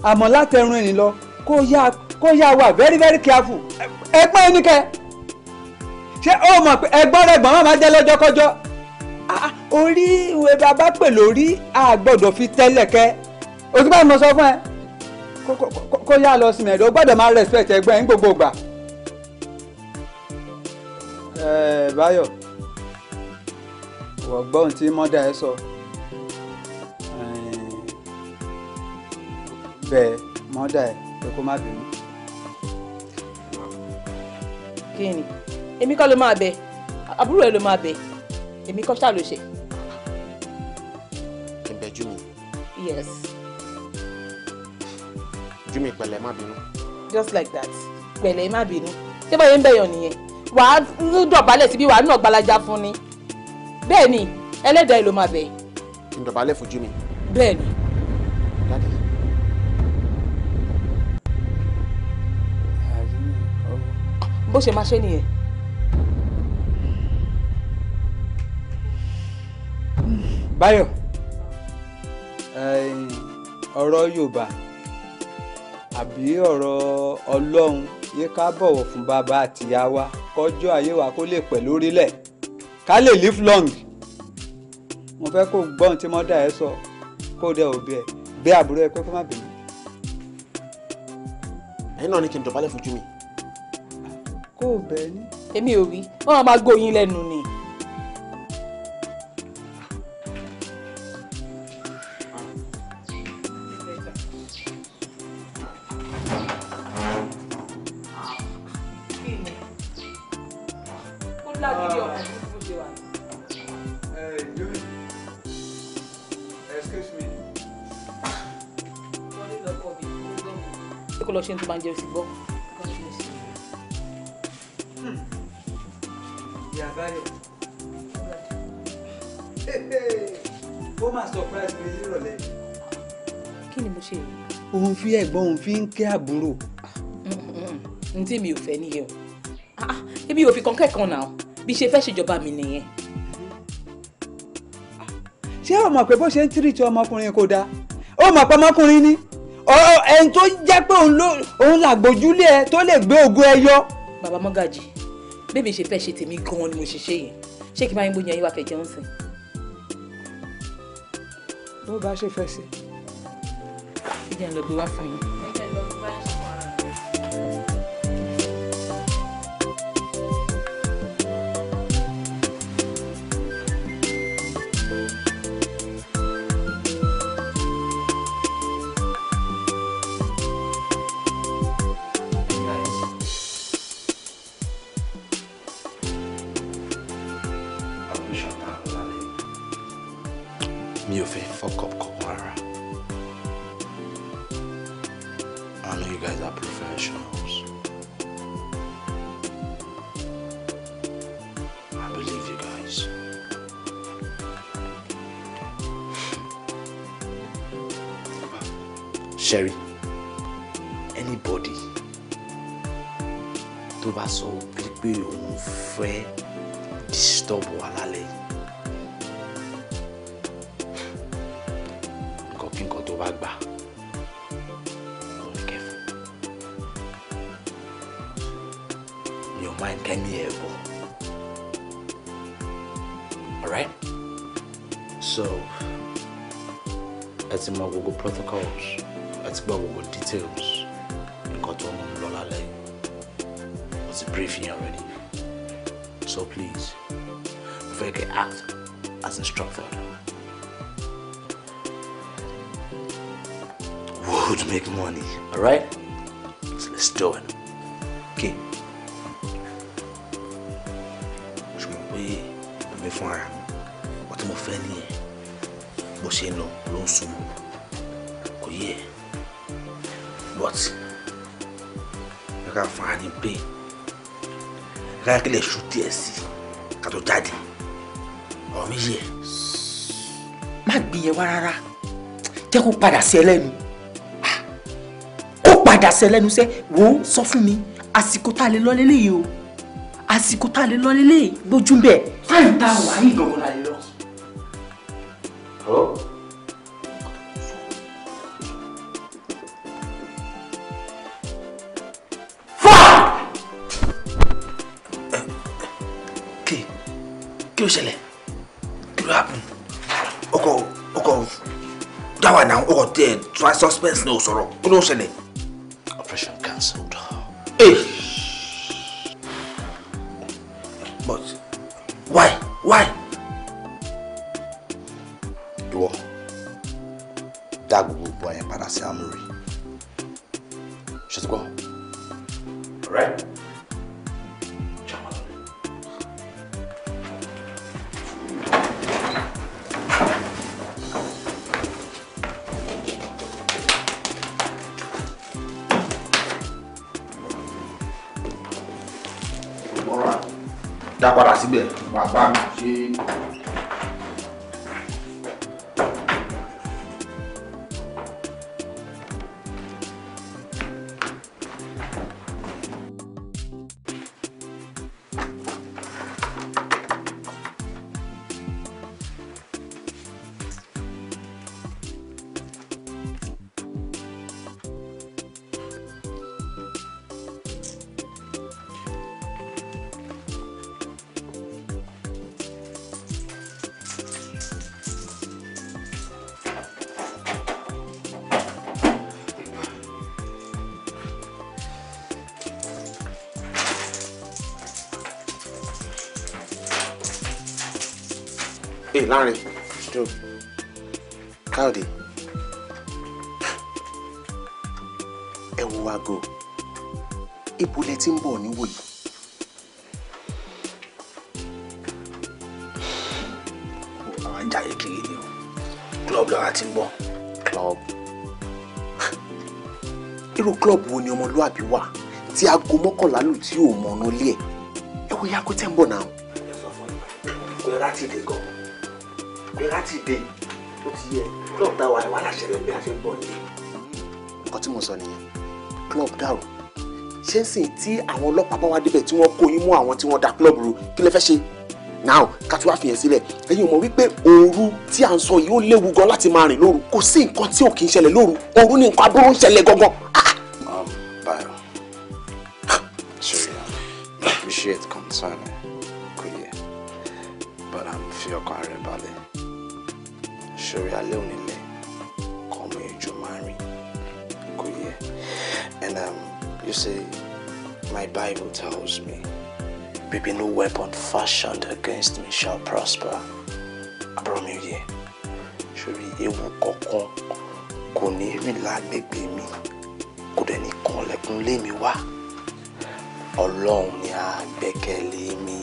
àmọ́ látẹrun ẹ̀yìn lọ kó yá kó yá wà very very careful ẹgbọ́n ẹni kẹ ṣé ó mọ̀ pé ẹgbọ́n rẹ̀ gbọ́n máa jẹ́ lọ́jọ́kọ́jọ́ ah, ah, orí ìwé bàbá pè lórí a gbọ́dọ̀ fi tẹ́lẹ̀ kẹ́ òtún báyìí mo sọ fún ẹ kó yá lọ sí mẹ́rin o gbọ́dọ̀ máa respect ẹgbẹ́ ń gbogbo gbà. báyọ̀ wọ́n gbọ́ ohun tí mọ́dà ẹ sọ bẹ́ẹ̀ mọ́dà ẹ pé kó má bínú. kí ni èmi kọ́ ló máa bẹ àbúrò ẹ ló máa bẹ èmi kọ́ ṣáà ló ṣe. ẹ̀bẹ̀ jú mi. yes. Júmi pẹ̀lẹ́ má bínú. just like that pẹ̀lẹ́ má bínú ṣé báyẹn ń bẹ̀yàn nìyẹn wàá dọ̀bálẹ̀ síbi wàá náà gbalaja fún ni bẹ́ẹ̀ ni ẹlẹ́dàá ẹ̀ ló máa bẹ̀. ń dọ̀bálẹ̀ fún Júmi. bẹ́ẹ̀ ni. bó ṣe máa ṣe nìyẹn. Báyọ̀ ọ̀rọ̀ Yorùbá àbí ọ̀rọ̀ ọlọ́run yẹ ká bọ̀wọ̀ fún bàbá àtìyá wa kọjọ́ ayé wa kó lè pẹ́ lórílẹ̀ ká lè live long mo fẹ́ kó gbọ́n tí mọ́dà ẹ sọ kó dẹ òbí ẹ bẹ́ àbúrò ẹ pé kó má bínú. ẹ̀yin náà ní kí n dọ̀bálẹ̀ fojú mi. kó o bẹ̀ ẹ́ ní. èmi ò wí wọn máa gbóyin lẹ́nu ni. lágídí ah. ọkàn tí mo ṣe eh, eh, excuse me. wọ́n ní lọ́kọ̀ mi ní gbọ́mù. ṣé kò lọ ṣe ń tó máa ń jẹ sí gbọ́. ìyá hmm. báyọ̀ ó máa surprise mi nírọ̀lẹ́. kí ni mo ṣe yìí. òun fi ẹ̀gbọ́n òun fi ń kẹ́ àbúrò. Mm, mm, mm. n tí mi ò fẹ́ nìyẹn o ah, ah, èmi ò fi kan náà bí ṣe fẹ́ ṣèjọba mi nìyẹn. ṣé o mọ̀ pé bó ṣe ń tírìtì ọmọkùnrin kò dáa ó mọ̀ pé ọmọkùnrin ni ẹni tó jẹ́ pé òun làgbójúlé ẹ tó lè gbé ògùn ẹ yọ. bàbá mọ́gàjì bébí ṣe fẹ́ ṣe tèmi gan-an ni mo ṣe ṣe yẹn ṣé kí n máa ń gbóyè yín wá fẹ́ jẹun sí. bó bá ṣe fẹ́ sí. ìjà ń lọ gbé wá fún yín. jẹ́ kó padà sí ẹlẹ́nu kó padà sí ẹlẹ́nu sẹ́ wò ó sọ fún mi àsìkò tá a lè lọ lélẹ́yìí o àsìkò tá a lè lọ lélẹ́yìí lójú bẹ́ẹ̀ táyì tá a wà á yìí gbọ̀ngàn lálẹ́ lọ. kí ló ṣẹlẹ̀. dáwà náà ọkọ̀ tẹ̀ try suspense ní òsọ̀rọ̀ kí ló ń ṣẹlẹ̀. operation cancelled. Hey. ọmọlúàbí wà tí aago mọ́kànlá lù tí ò mọ ọ̀nà ilé ẹ̀ ẹ wo yago tẹ́ ń bọ̀ náà. ẹ sọ fún mi pé láti dé gan pé láti dé ó ti yẹ club dáwà ẹ wà láṣẹ rẹ bí a ṣe ń bọ̀ nílé. nǹkan tí mo sọ nìyẹn club dàrú ṣé ń sìn tí àwọn ọlọ́pàá bá wá débẹ̀ tí wọ́n kó yín mú àwọn tí wọ́n da club ru kí lẹ fẹ́ ṣe now ká tún wá fìyẹn sílẹ̀ ẹ̀yin mọ̀ wípé òru tí à ń sọ yìí ó léwu gan láti máa rìn lóru kò sí nǹkan tí ò kì í ṣẹlẹ̀ lóru òru ni nǹkan aburú ń ṣẹlẹ̀ gangan fi ọkàn rẹ balẹ̀ ṣòro alẹ́ òní lẹ̀ kọ́ mi ìjọ máa and um, you see, my Bible tells me baby no weapon fashioned against me shall prosper àbúrò mi yẹ ṣòro ewu kọ̀ọ̀kan kò ní rìn lágbègbè mi kò dẹ̀ ní kan lẹ́kùn lé mi wá ọlọ́run ni a gbẹ́kẹ̀lé mi.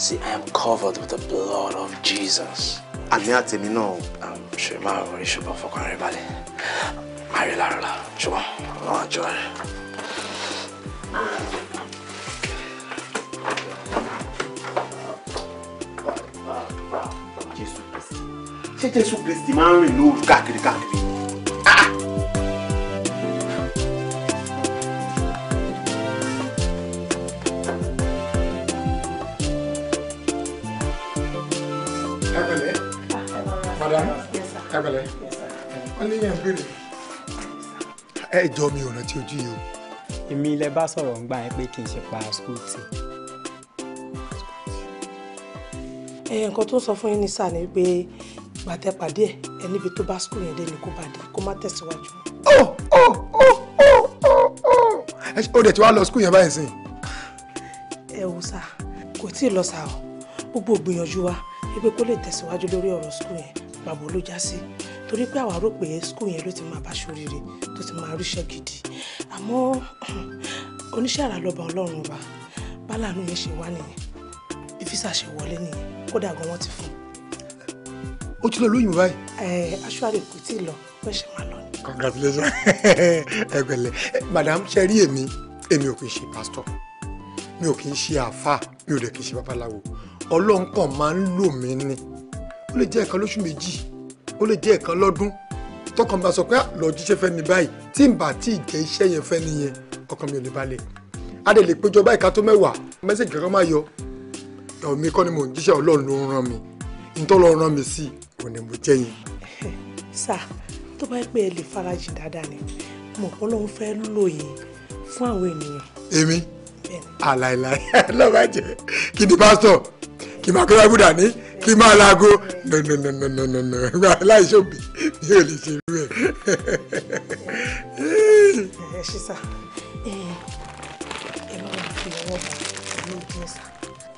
See, I am covered with the blood of Jesus. Àmì àtẹ̀mí náà. Um, ṣé máa rọrí ṣùgbọ́n fọkàn rẹ balẹ̀? for everybody. ṣùgbọ́n àwọn àjọ rẹ̀. Jésù Kristi. Ṣé Jésù Kristi máa ń rìn lóru káàkiri káàkiri? pẹ̀lẹ́ wọ́n ní yẹn bèrè. ẹ jọ mi ò rántí ojú yìí o. èmi ilẹ̀ bá sọ̀rọ̀ ń gbà yín pé kì í ṣe pa school tí. nǹkan tó ń sọ fún yín ní sáà ni pé gbàtẹ́ pàdé ẹ̀ ẹ níbi tó bá school yẹn dé ni kó bá dé kó má tẹ̀síwájú. ó dẹ̀ tí wàá lọ school yẹn báyìí sìn. ẹ wò sá kò tí ì lọ sá o gbogbo ìgbìyànjú wa wípé kó lè tẹ̀síwájú lórí ọ̀rọ̀ school yẹn pàbó ló já sí torí pé àwa rò pé skul yẹn ló ti máa bá ṣoríire tó ti máa ríṣẹ́ gidi àmọ́ oníṣẹ́ àrà lọ́ba ọlọ́run ọba bálànú yẹn ṣe wá nìyẹn bí físà ṣe wọlé nìyẹn kódà gan wọ́n ti fún un. ó ti lọ lóyún báyìí. ẹ aṣọ́rẹ́ kò tí ì lọ bẹ́ẹ̀ ṣe máa lọ ni. congratulations ẹgbẹ̀lẹ̀ madam ṣe rí èmi èmi ò kì í ṣe pastor mi ò kì í ṣe àáfàá mi ò dẹ̀ kì í ṣe babaláwo ọlọ́run máa ń lò mí ni ó lè jẹ́ ẹ̀kan lóṣù méjì ó lè jẹ́ ẹ̀kan lọ́dún tọkàn bá sọ pé ah, lọ jíṣẹ́ fẹ́ ni báyìí tí n bá tí ì jẹ́ iṣẹ́ yẹn fẹ́ nìyẹn ọkàn mi ò lè balẹ̀ a dẹ̀ lè péjọ báyìí ká tó mẹ́wàá mẹ́sẹ̀gì kankan máa yọ ẹ̀wọ̀n mi kọ́ ni mò ń jíṣẹ́ ọlọ́run ló ń rán mi ìtọ́ lọ rán mi sí kò ní mo jẹ́ yín. sà tó bá pẹ́ ẹ lè farajìn dáadáa ni mo kọ́ ló ń fẹ́ lò yín fún àwọn ènìyàn. èmi àlàyé lọ́wọ́ jẹ́ kí ni pásítọ̀ kì máa kọ́lá búdà ní kì máa laago nọ̀nọ̀nọ̀nọ̀nọ̀nọ̀ gba aláìṣòbí mi ò lè ṣe irú ẹ̀. ẹ ṣe sá ọwọ́ mi jẹ sá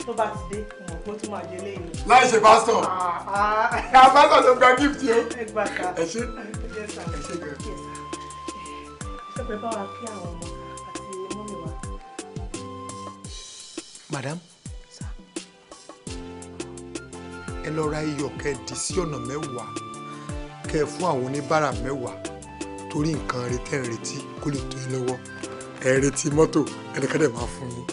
tó bá ti dé mo kó tó máa jẹ lẹ́yìn. láì ṣe pásítọ̀ ah, ah. pásítọ̀ ló gba gift o. ẹ ká ẹ ṣe ẹ ṣe gan. ṣé pé báwa kí àwọn ọmọ àti mọ́mí wa. madam ẹ lọ ra iyọ̀ kẹ́ ẹ dì sí ọ̀nà mẹ́wàá kẹ́ ẹ fún àwọn oníbàárà mẹ́wàá torí nǹkan retẹ́ ń retí kó lè tó ẹ lọ́wọ́ ẹ retí mọ́tò ẹnikẹ́ni máa fún yín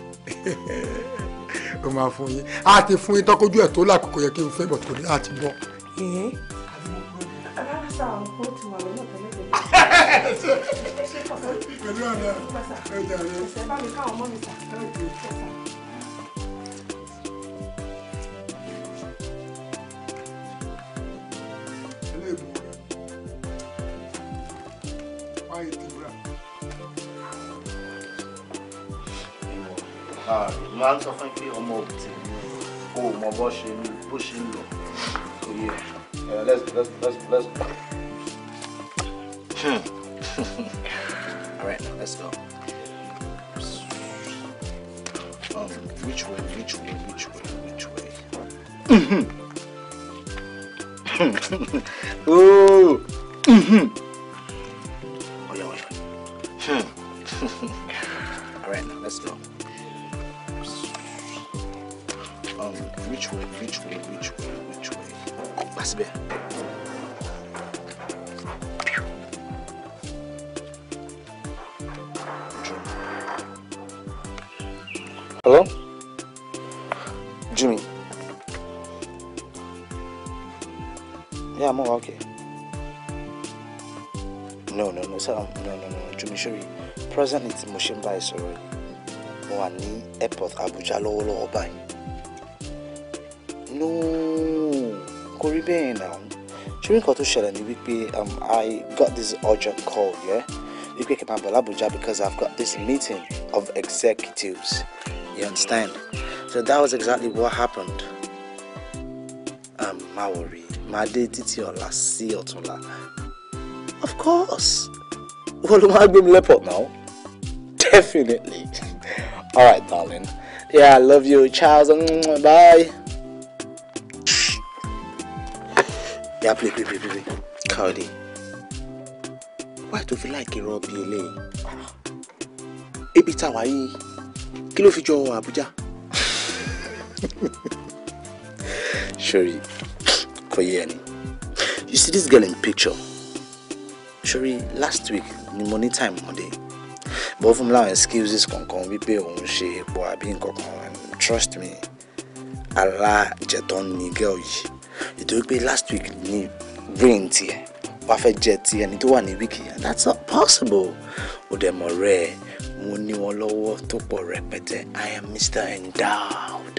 ó máa fún yín a ti fún yín tọ́kójú ẹ̀ tó lákòókò yẹ kí n fẹ́ bọ̀ tó ní láti bọ̀. Pẹ̀lú àná ẹ̀jẹ̀ rẹ̀. Ẹ̀sẹ̀ bá mi káwọn mọ́ mi sà. sọ fún ọmọ o mọ bó ń let tó yẹ let's let's let's let's Hmm. All right, now let's go. Um, which way, which way, which way, which way? Hmm. ẹ sọ̀rọ̀ yìí mo wà ní airport Abuja lọ́wọ́lọ́wọ́ báyìí no kò rí bẹ́ẹ̀ náà ṣé nǹkan tó ṣẹlẹ̀ ni wípé um, I got this urgent call yeah? wípé kí n máa bọ̀ l'Abuja because I've got this meeting of executives you understand so that was exactly what happened um, má worry máa dé títí ọ̀la sí ọ̀túnla of course wọ́n ló máa gbé mi lẹ́pọ̀ náà. Definitely. All right, darling. Yeah, I love you. Charles. Mm, bye. Yeah, play, play, play, play. Káyọ̀dé. Why do you feel like irọ́ bí eléyìí? Ebi tá a wá yìí, kí ló fi jọ Àbújá? Ṣorí, kò yé ẹni. You see this girl in picture? Shuri, last week ni mo ní time Monday bọ́ fún mi láwọn excuses kankan wípé òun ṣe epo àbí nǹkan trust me alájẹtọ́ ni girl yìí nítorí pé last week ni brain tiẹ̀ wá fẹ́ jẹ ti ẹni tó wà ní wiki. yẹn that's not possible ó dẹ̀ mọ̀ rẹ̀ mo ní wọn lọ́wọ́ tó pọ̀ rẹpẹtẹ I am Mr. Endowed.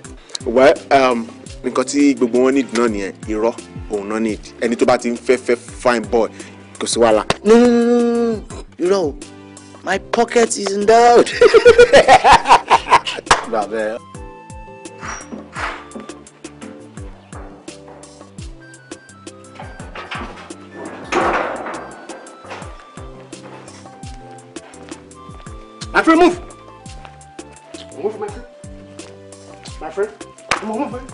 well um, nǹkan tí gbogbo wọn need náà nìyẹn irọ́ òun náà need ẹni tó bá ti ń fẹ́ fẹ́ fine boy kò sí wàhálà. no no no no irọ́ o My pocket is endowed. Brother. My friend, move! Move, my friend. My friend. Come on, move, man.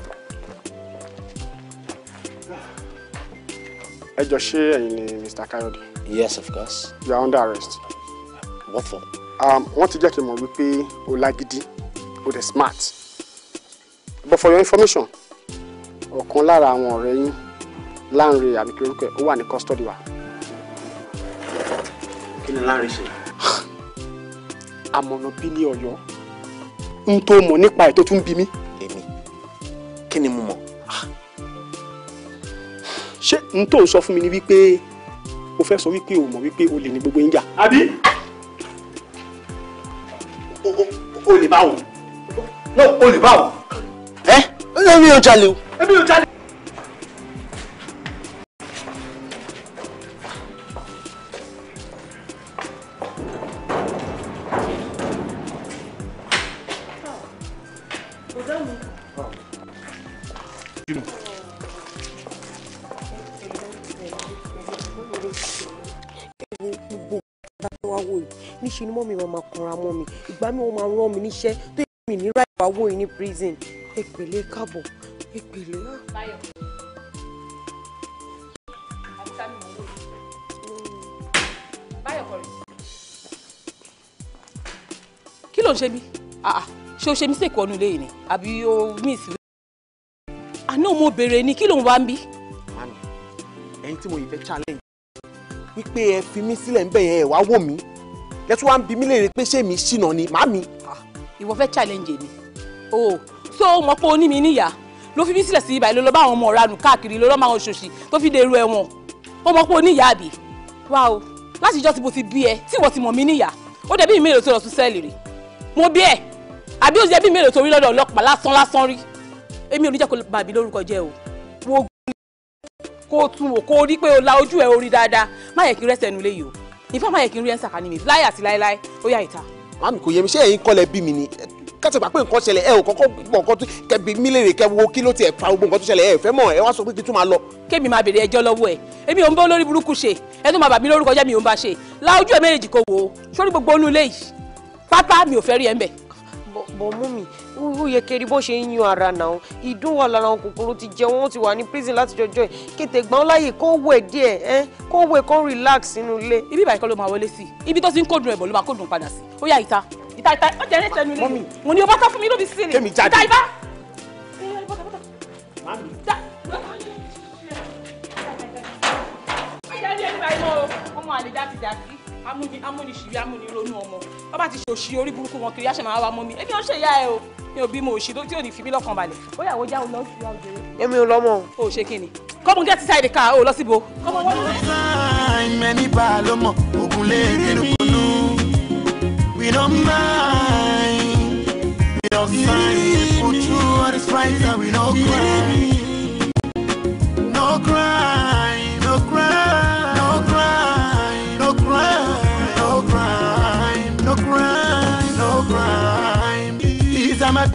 Ẹ jọ̀ọ́, ṣé ẹ̀yin ni Mr. Coyote. Yes, of course. You are under arrest what for. Um, wọ́n ti jẹ́ kí n mọ̀ wípé o lágídí o dẹ̀ smart but for your information ọ̀kan lára àwọn ọ̀rẹ́ yín Lánre àbí kí orúkọ ẹ̀ ó wà ní custody wa. kí ni Lánre ṣe. àmọ̀nà bí ní ọ̀yọ́ n tó mọ̀ nípa ẹ̀ tó tún bí mi. èmi kí ni mo mọ̀. ṣé n tó sọ fún mi ni wípé o fẹ́ sọ wípé o mọ̀ wípé o lè ní gbogbo yín jà. àbí. o lè bá wọn no o lè bá wọn. ẹ ẹ mi ò jalè o. ẹ mi ò jalè. níṣe ni mọ́mi máa máa kanra mọ́ ìgbà mi wọ́n máa rán mi níṣẹ́ tó yẹ mi ní ráì wá wóyin ní prison ẹ pẹ̀lẹ́ káàbọ̀ kí ló ń ṣe mí ah, ṣé o ṣe mí sèkó ọdún lẹ́yìn ni àbí o mí ìsìlẹ̀ àná mo béèrè ni kí ló ń wá ń bí. ẹni tí mo yìí fẹ́ challenge wípé ẹ fi mí sílẹ̀ ń bẹ̀ yẹn wá wò mí lẹ́tọ́ wa ń bi mí léèrè pé ṣé mi ṣìnà ni màámi. Ah, ìwọ fẹ́ challenge mi o so mọ̀ pé o ní mi níyà ló fi mí sílẹ̀ sí ibà ìlọ́lọ́ bá àwọn ọmọ ranù káàkiri ló lọ́ máa ń ṣòṣì tó fi dèrò ẹ̀wọ̀n ó mọ̀ pé o níyà àbí wá o láti ìjọ́ tí mo ti bí ẹ tí ìwọ ti mọ̀ mí níyà ó dẹ̀ bí mi mélòó tó lọ sí sẹ́ẹ̀lì rí mo bí ẹ àbí òṣìṣẹ́ bí mélòó tó rí lọ́dọ̀ ọlọ́pàá lásán lásán rí èmi ò ní jẹ́ kó bàbí lórúkọ jẹ́ o wo kó tún wò kó rí pé o la ojú ẹ orí dáadáa má yẹ kí rẹ́sẹ̀ nu léyìí o ìfẹ́ máa yẹ kí n rí ẹ́ńsà kan ní mi láyé àti láéláé ó yá ìta. màámi kò yẹ mi ṣé ẹ̀yin kọ́lẹ̀ bí mi ni kátìpá pé nǹkan ṣẹlẹ̀ ẹ ò kọ́kọ́ gbọ́ nǹkan tó kẹbi mi lè rè kẹ wo kí ló tiẹ̀ fa gbogbo nǹkan tó ṣẹlẹ̀ ẹ fẹ́ mọ̀ ẹ wá sọ pé kí tún máa lọ. kémi máa béèrè ẹjọ́ lọ́wọ́ ẹ̀ èmi ò ń bá olórí burúkú ṣe ẹnu màbà mi lórúkọ jẹ́ mi ò ń bá ṣe láojú ẹ̀ méjèèjì kò wò ó sórí gbogbo onú ilé yìí pátá mi ò fẹ́ rí ẹ̀ ń bẹ̀ bọ̀ mú mi ó yẹ kẹrí bó ṣe ń yan ara náà ìdún wà lára wọn kòkòrò ti jẹ wọn ti wà ní prison láti jọjọ ẹ kété gbọ́n láàyè kó wẹ̀ díẹ̀ ẹ kó wẹ̀ kó relax nínú ilé. ibi ìbàdí kan ló máa wọlé sí ibi tó ti ń kó dùn ẹ̀bọ̀ ló máa kó dùn padà sí i ó yà ìta ìta ìta ó jẹ́ ẹ̀rẹ́tẹ̀ nulẹ̀ mi mo ní o bá sá fún mi lóbi sí ni ìta ìbá. ọmọ amúnisìwé amúnironú ọmọ wọn ti ṣe òṣì orí wọn kiri àṣẹmọ àwa mọ mi èmi ò ìyá ẹ o mi ò bí òṣì tí ò ní fi mí lọ́kàn balẹ̀ ó yàwó já o lọ sí ìyá èmi ò lọ́mọ. o ò ṣe kí ni come get inside the car o lọ síbo. ọmọ wọn no cry no cry.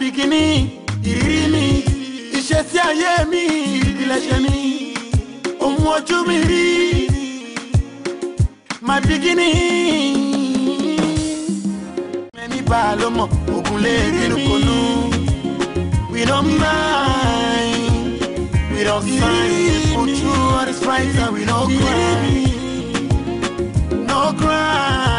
bìkíní ìrírí mi ìṣesí ayé mi ìpilẹ̀ṣẹ̀ mi ohun ojú mi rí my beginning bá a ló mọ̀ ògùn lè dénú konú. We don't mind, we don't sign, we put you the strikes and we no cry, no cry.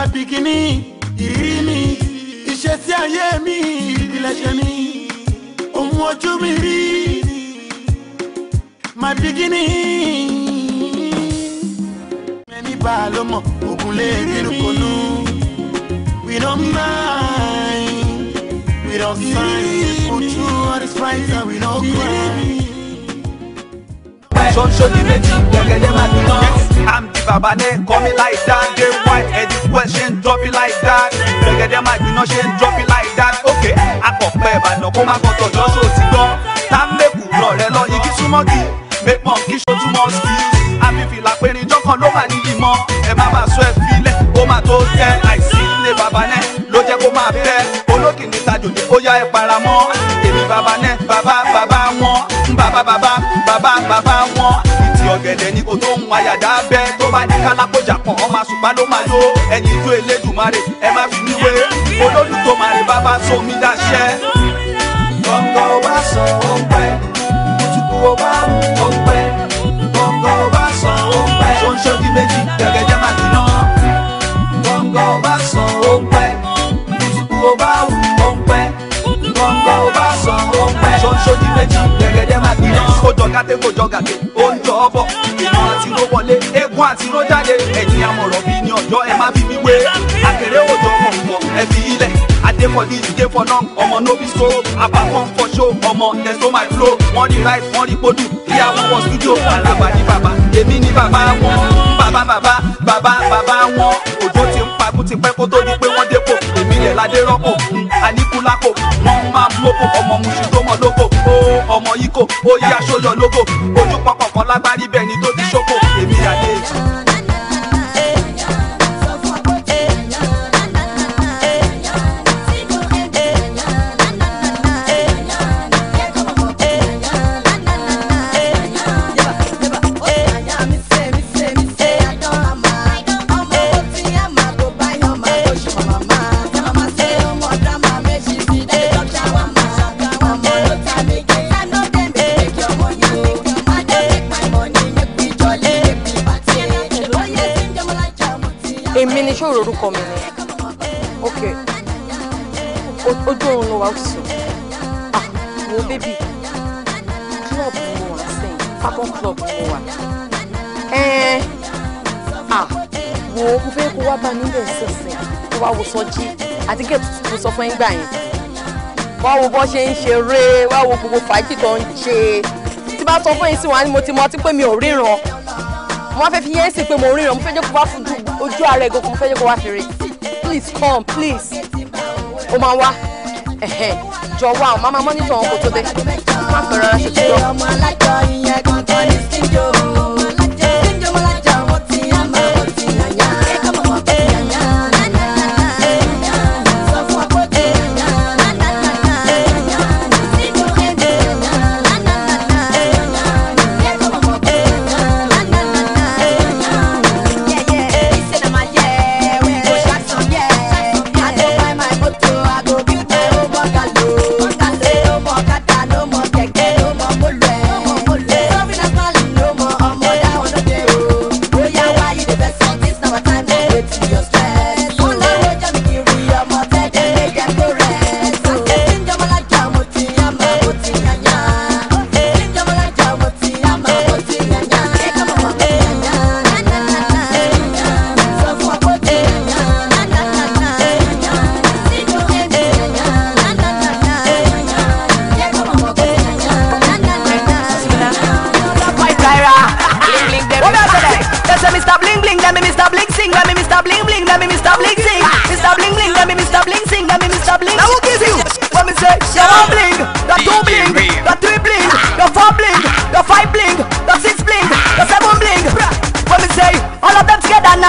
my beginning ìrírí mi ìṣesí ayé mi ìdílẹ̀ṣẹ̀ mi ohun ojú mi rí my beginning. many bá a ló mọ̀ ògùn lè dénú konú we don't mind we don't sign we put you the price and we no cry tó show the magic. gẹ́gẹ́dẹ́ máa dùn náà. I'm the baba ne call me like that dey white ẹ̀dí púpẹ̀ ṣe ń drop it like that gẹ́gẹ́dẹ́ máa dùn náà ṣe ń drop it like that ok akọ̀pẹ́ ìbàdàn kó má kọ́ tọ̀dọ̀ ṣó ti gbọ́ tá ń mẹ́kù lọ rẹ lọ igi súnmọ́ kí make mọ̀ kí ṣojú mọ́ sí i àfihàn ìlàpẹ̀rin jọ́kan ló wà níyì mọ́ ẹ má bàa sọ ẹ fi ilẹ̀ ó má tó tẹ́ àìsí ilé baba nẹ ló jẹ́ kó máa fẹ́ olókìní tajò ní ó yá ẹ para mọ́ èmi baba nẹ baba baba wọn baba baba baba baba wọn ìtì ọ̀gẹ̀dẹ̀ ni kò tó ń ayàdá bẹ́ tó bá ní kálákójà pọ̀ ọmọ àṣùpá ló máa yó ẹ̀yìn ijó elédùnmarè ẹ má fi níwé olólùtòmarè bàbá sómi dáṣẹ́. gbọ̀ngàn ó bá sọ ó pẹ́ kùtùkù ó bá mú ó pẹ́. ọ̀gádé kò jọ gàdé ó ń jọ ọbọ̀ ìmọ̀ àti ró wọlé eégún àti ró jáde ẹ̀yin amọ̀rọ̀ bíi ní ọjọ́ ẹ má fi mí wé akèrè òjò ọmọ mọ̀ ẹ fi ilẹ̀ adé for this day for long ọmọ no be so abakọ̀ ń fọ show ọmọ dey so my flow wọ́n rí right wọ́n rí podù ìyàwó wọ studio alàgbà ní bàbá èmi ní bàbá wọn bàbá bàbá bàbá bàbá wọn òjò ti ń pagún ti pẹ́ kó tó di pé wọ́n dépò èmi lẹ̀ ládé rọ́pò àníkú lákò wọ́n máa ń lóko ọmọ musu tó mọ lóko ọmọ yìí kò ó yá aṣọ yọ lógo ojú pọpọ kan lágbárí bẹ́ẹ̀ ni tó ti ṣókò èmi àdéhùn. orúkọ mi ni ok ojú òun ló wá sùn ah wo baby. club ni mo wà sẹ́yìn falcon club mo wà ẹ̀ẹ́n ah wo mo fẹ́ kó wá bá mi nílẹ̀ ṣẹ̀ṣẹ̀ kó wá wo sọ́jí àti gẹ̀ tuntun tó sọ fún ẹ̀ ń gbà yẹn wá wo bọ́ ṣe ń ṣeré wá wo gbogbo fàájì tó ń ṣe tí bá sọ fún yín sí wa ni mo ti mọ ọtí pé mi ò ríran mo wá fẹ́ fi yẹn sí pé mo ríran mo fẹ́ jẹ́ kó wá fún ojú ara ẹ̀ fẹ́ yẹ kó wá fèrè please come please ó máa wá jọ wá ọ máa máa mọ́nítọ̀ ọkọ̀ tó dé má pẹ̀rọ ara ṣe tó lọ.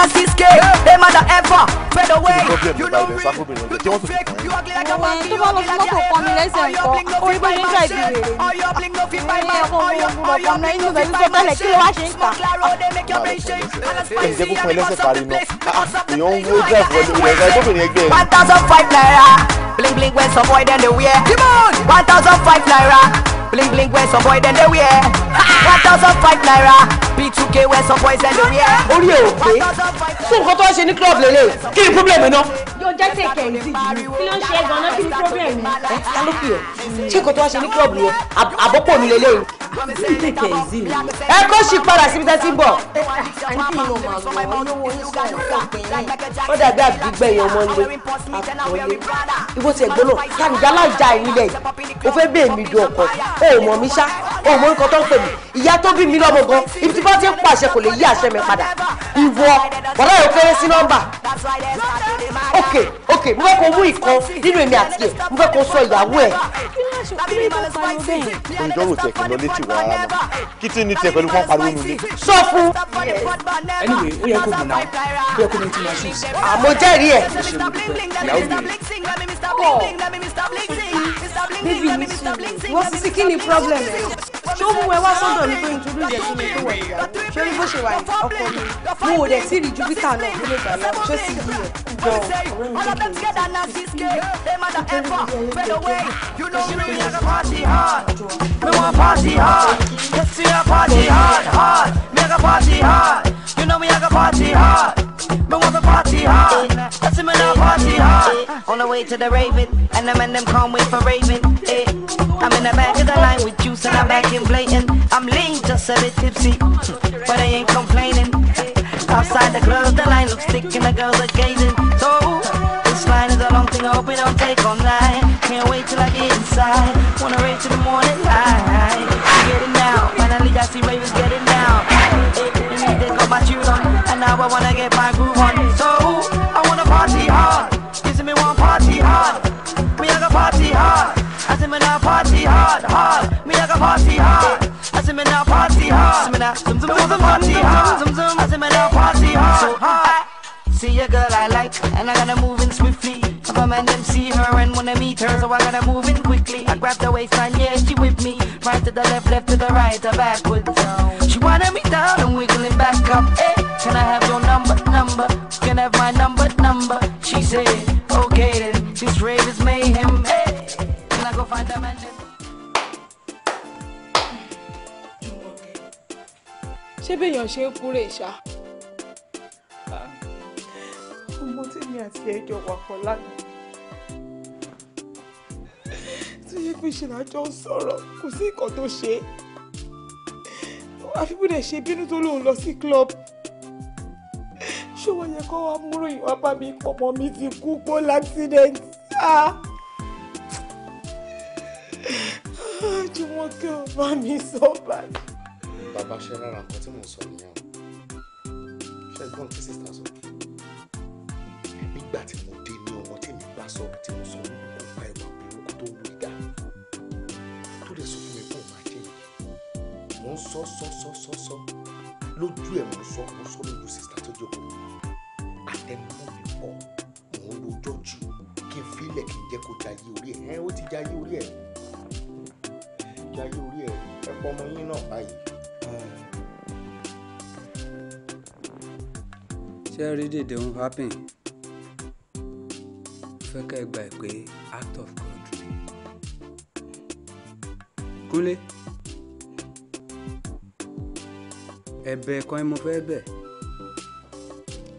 as this cake Them as I ever fade away You know me You fake You ugly like a monkey oh, You ugly like a ever All your bling no fit buy mansion All your bling no fit buy man All your bling no fit buy mansion Smoke oh, la road they make You brain ah, shake And I'm spicy I make us up the place Make us up the place One thousand five naira Bling bling when some boy then they wear One thousand five naira Bling bling when some boy then they wear One thousand five naira two k where some boys everywhere. orí ẹ ò pé sí nǹkan tó ń ṣe ní club lélẹ̀ kí ni problem náà. yóò jẹ́ tẹ̀ kẹ̀yìn sí jù kí ló ń ṣe é gan kí ni problem. ẹ eh, ta ló pè é ṣé nǹkan tó ń ṣe ní club yẹn àbọ̀pọ̀ mi lélẹ̀ yìí ẹ kó sì padà síbi tẹ́ ti ń bọ̀. ó dàbí àdúgbẹ́ yẹn ọmọ ilé àkọọ́lẹ̀ ìwọ ti ẹ̀gbọ́n náà kàǹdà alájà ìnílẹ̀ yìí o fẹ́ bẹ́ẹ̀ mi dùn ọkọ̀ o ò mọ̀ mi ṣá o ò mọ̀ nǹkan tó ń pè mí ìyá tó bí mi lọ́mọ gan ibi tí bá ti ń pàṣẹ kò lè yí àṣẹ mi padà ìwọ wàlá yóò kéré sí nọ́mbà ok mo fẹ́ kó mú ìkan nínú èmi àti ẹ̀ mo fẹ́ kó sọ ìyàwó ẹ̀. ìjọrò tẹ kí létí wọ ara náà kí tí ní tiẹ̀ pẹ̀lú wọn pariwo nulẹ̀. sọ fún. anyway ó yẹ kó mú náà ó yẹ kó mú tí ma ṣe. àmọ́ ah, jẹ́rìí ẹ̀. bébí mi sùn wọ́n sì sí kí ni problem ẹ̀ ṣé ó mú ẹ wá sọ́dọ̀ ní pé nítorí ìjẹ́ sí mi tó wẹ̀ ìyá ṣé ní bó ṣe wà ọkọ mi mo ò dẹ̀ sí rí jupiter náà nílé ìgbà náà ṣé sì yí ẹ̀ jọ ọ̀rẹ́ mi tó Get a nasty skate, hey mother ever Fade away, you know me really like a party hard Me want party hard Yes, me a party hard, hard Me a party hard You know me like a party hard Me want a party hard Yes, me a party hard On the way to the Raven And them men them can't wait for Raven, eh I'm in the back of the line with juice and I'm back in blatant I'm lean, just a bit tipsy But I ain't complaining eh. Outside the club, the line looks thick and the girls are gazing and hope we don't take all night. Can't wait till I get inside. Wanna wait to the morning light. Get it now. Finally, I see ravens getting down. Hey, hey, they got my shoes on, and now I wanna get my groove on. So I wanna party hard. Give me one party hard. Me I got party hard. I said me now party hard, hard. Me I got party hard. I said me now party hard. Me now, zum zum zum zum party hard. Zum I said me now party hard. So hard. See a girl I like, and I gotta move in swiftly. I come and them see her and wanna meet her, so I gotta move in quickly. I grab the waistline, yeah, she with me. Right to the left, left to the right, or backwards. She wanted me down and wiggling back up. Hey, can I have your number, number? Can I have my number, number? She said, okay then, this rave is mayhem. Hey, can I go find that man? ṣé ṣe ń kúrè ṣá ọmọ tèmi àti ẹjọ wà pọ̀ lánàá tó yẹ pé ṣe lájọ sọ̀rọ̀ kò sí nǹkan tó ṣe àfi bó dẹ̀ ṣe bínú tó lòun lọ sí club ṣé wọ́n yẹ kó wá múrò ìwà bá mi pọ̀mọ́ mi ti kú pọ̀ l'accident jí wọ́n kí o bá mi sọ báyìí. bàbá ṣe rárá nǹkan tí mò ń sọ nìyẹn o ṣe gbọ́n kí sísá sọ nígbà tí mo dé ní ọmọ tí mi bá sọ tí mo sọ nínú kò fa ìwà burúkú tó wù dá tó lè sọ fún mi kó máa jẹ yìí ń sọ sọ sọ sọ sọ lójú ẹ mo ń sọ mo ń sọ lójú sista tó jókòó àtẹnumọ́ mi pọ̀ mo ń lo jọjú kí n filẹ̀ kí n jẹ́ kó jayé orí ẹ ẹ ó ti jayé orí ẹ jayé orí ẹ ẹ pọ ọmọ yín náà báyìí. ṣé rí dèdè ń happen fẹ́ kẹ́ ẹ gbà ẹ pé of country kúnlé ẹ̀bẹ̀ kan ẹ mo fẹ́ bẹ̀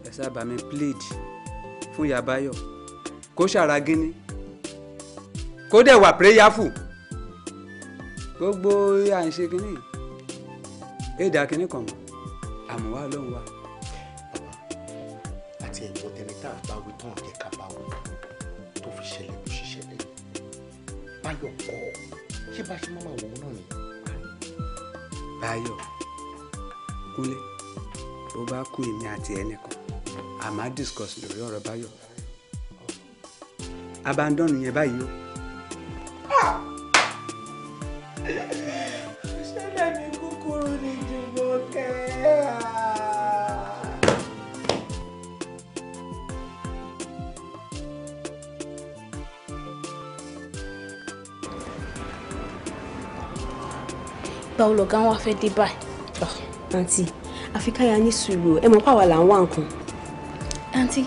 ẹ sábà mi plead fún yabayọ kó ṣàrà gíní kó dẹ̀ wà prayerful gbogbo à ń ṣe kínní èdè akínní kan mọ àmọ́ wà lóhùn wa. àti ẹ̀wọ̀n tẹ̀lé tá a bá wí tán ọ̀kẹ́ kábà. Báyọ̀ kọ́ ṣé bá ṣe máa ma wò ó náà ni. Báyọ̀ kúnlẹ̀ bó bá kú èmi àti ẹnìkan a máa discuss lórí ọ̀rọ̀ Báyọ̀ abandon yẹn báyìí o. Ah! ìgbà wo lọ̀gá wa fẹ́ dé báyìí. àǹtí àfi káyà ni sùúrù ẹ mọ̀ pàwọ́ là ń wá nǹkan. àǹtí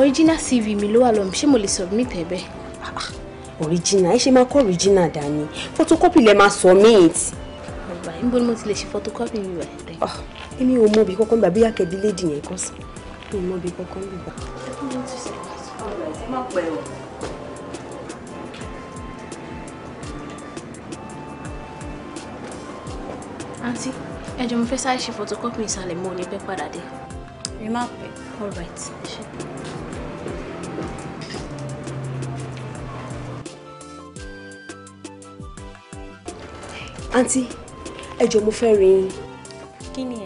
original cv mi ló wà lọ́mù ṣé mo lè submit ẹ bẹ́ẹ̀. Ah, ah, original ẹ ṣe máa kọ́ original Dani. photocopy lẹ máa submit. ọgbà níbo ni mo ti lè ṣe photocopy mi wà. Ah, èmi ò mọ ibi kankan bàbí akẹ́bí lady yẹn kọ́ sí mi ò mọ ibi kankan bàbá. ẹ má pẹ́ o. àǹtí ẹ jọ̀ọ́ mo fẹ́ sáré ṣe photocopy ìsàlẹ̀ mo ò ní pẹ́ padà dé. ẹ má pẹ́. all right ẹ ṣe. àǹtí ẹ jọ̀ọ́ mo fẹ́ rí kí ni ẹ.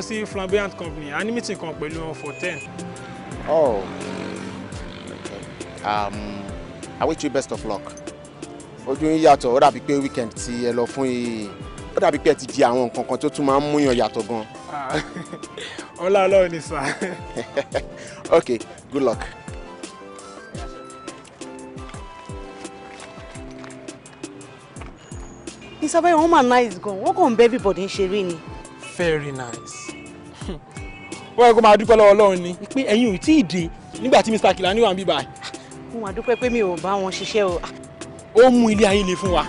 lọ sí flamboyant company a ní meeting kan pẹ̀lú wọn for ten. oh um, I wish you best of luck ojú yín yàtọ̀ ó dàbí pé weekend tí ẹ lọ fún yìí ó dàbí pé ẹ ti di àwọn nǹkan kan tó tún máa ń múyàn yàtọ̀ gan. Ah. ọlá ọlọ́run ni sà. okay good luck. Isabel wọn máa nice gan wọn kàn ń bẹ everybody ń ṣeré ni. very nice wọ́n yẹ kó máa dúpẹ́ lọ́wọ́ Ọlọ́run ni pé ẹ̀yin ò tí ì dé nígbà tí Mr. Kìlá wà ń bíbá. mo wà dúpẹ́ pé mi ò bá wọn ṣiṣẹ́ o. ó mú ilé ayé le fún wa.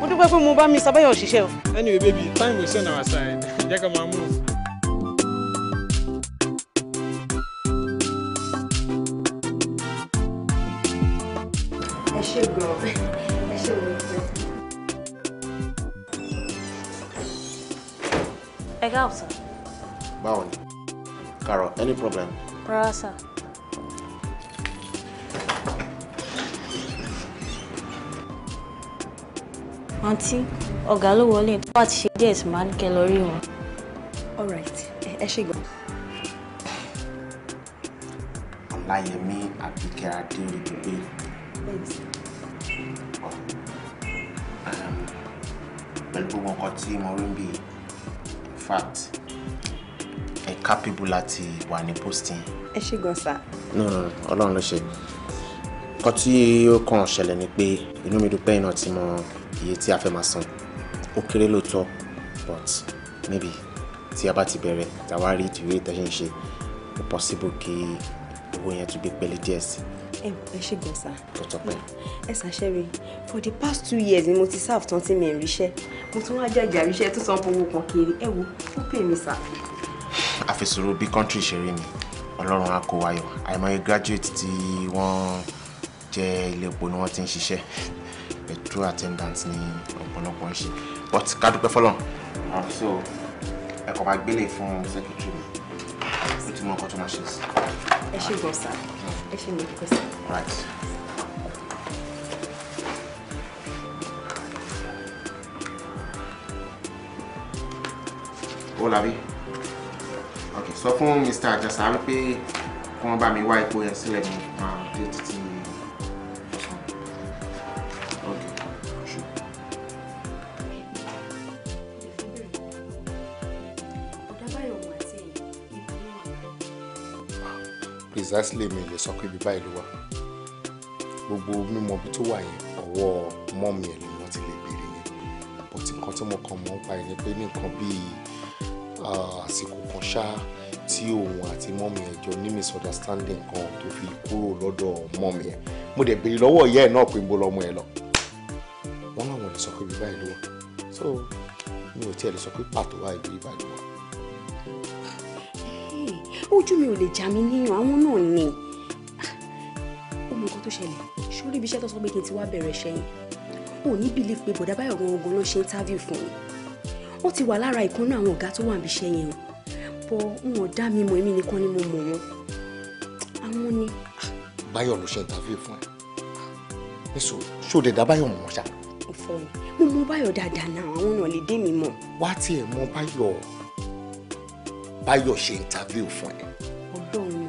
mo dúpẹ́ pé mo bá Mr. Báyọ̀ ṣiṣẹ́ o. anyway baby time is on our side jẹ́ ká máa move. ẹ ṣe gan ẹ ṣe wọ́n jẹ́. ẹ gáàsán. báwo ni. Carol, any problem? Rárá, sir. àǹtí ọ̀gá what she tó bá ti ṣe díẹ̀ sì máa ń kẹ́ lọ rí wọn. all right ẹ ṣe gbọ́. ọláyẹmí àbíkẹ́ adéríbigbé. pẹ̀lú gbogbo nǹkan tí mo rí ń bì in fact eh, capable láti wà ní posting. ẹ ṣe gan sa. ọlọ́run ló ṣe kọ́ tí ó kàn ṣẹlẹ̀ ni pé inú mi dúpẹ́ iná ti mọ iye tí a fẹ́ máa san ó kéré lóòótọ́ but maybe tí a bá ti bẹ̀rẹ̀ tàwa rí ìdíwé ìtẹ́sí ń ṣe ó possible kí owó yẹn tún gbé pẹ́lẹ́ díẹ̀ sí i ẹ ṣe gan sa. tó tọpẹ́. ẹ ṣàṣẹrí for the past two years ni mo ti serve tán tí mi ń ríṣẹ́ mo tún wá jàjà ríṣẹ́ tó san owó kan kiri ẹ wo ó pè mí sá àfẹsọ̀rọ̀ bí country ṣeré ni ọlọ́run á kó wáyọ̀ àìmọye graduate tí wọ́n jẹ́ ilé epo ni wọ́n ti ń ṣiṣẹ́ petrol attendant ni ọ̀pọ̀lọpọ̀ ń ṣe but ká dúpẹ́ fọlọ́n ah, so ẹ̀kọ́ máa gbélé fún secretary mi ó ti mọ ọkọ tó máa ṣe sí. ẹ ṣe gbọ́ sá ẹ ṣe mi dúpẹ́ sá. Hola, vi sọ fún Mr. Àjàsà wípé kí wọ́n bá mi wá epo yẹn sílẹ̀ mi máa dé títí precisely mi lè sọ pé ibi báyìí ló wà gbogbo mímọ ibi tó wà yẹn ọwọ́ mọ́mí ẹ̀ ni wọ́n ti lè béèrè yẹn but nǹkan tí mo kàn mọ́ ń pa ẹ̀ pé ní nǹkan bíi ah, àsìkò kan ṣáá tí òun àti mọ́mì ẹ̀ jọ ní misunderstanding kan tó fi kúrò lọ́dọ̀ mọ́mì ẹ̀ mo dẹ̀ béèrè lọ́wọ́ ìyá ẹ̀ náà pé mo lọ́mọ ẹ̀ lọ wọ́n láwọn lè sọ pé bíbá ìlú wa so mi ò tiẹ̀ lè sọ pé pàtó wá ìlú ìbá ìlú wa. ojú mi ò lè jà mí níyàn àwọn náà ni ah, ó mọ nǹkan tó ṣẹlẹ̀ sórí ibi iṣẹ́ tó sọ pé kí n ti wá bẹ̀rẹ̀ iṣẹ́ yẹn ò ní bílíf pé bọ̀dá báyọ̀ gan-an gan-an ṣe ń tábìlì fún mi ó ti wà lára ìkànnà àwọn ọ̀gá tó wà níbi iṣẹ́ yẹn o bọ n ò dá mi mọ̀ èmi nìkan ni mo mọ̀ wọn àwọn ni. báyọ̀ ló ṣe interview fún ẹ níṣó ṣó lè dá báyọ̀ mọ̀ ṣá. ìfọ̀ mi mo mọ báyọ̀ dáadáa náà àwọn náà lè dé mi mọ̀. wá tiẹ̀ mọ báyọ̀ báyọ̀ ṣe interview fún ẹ. ọlọ́run.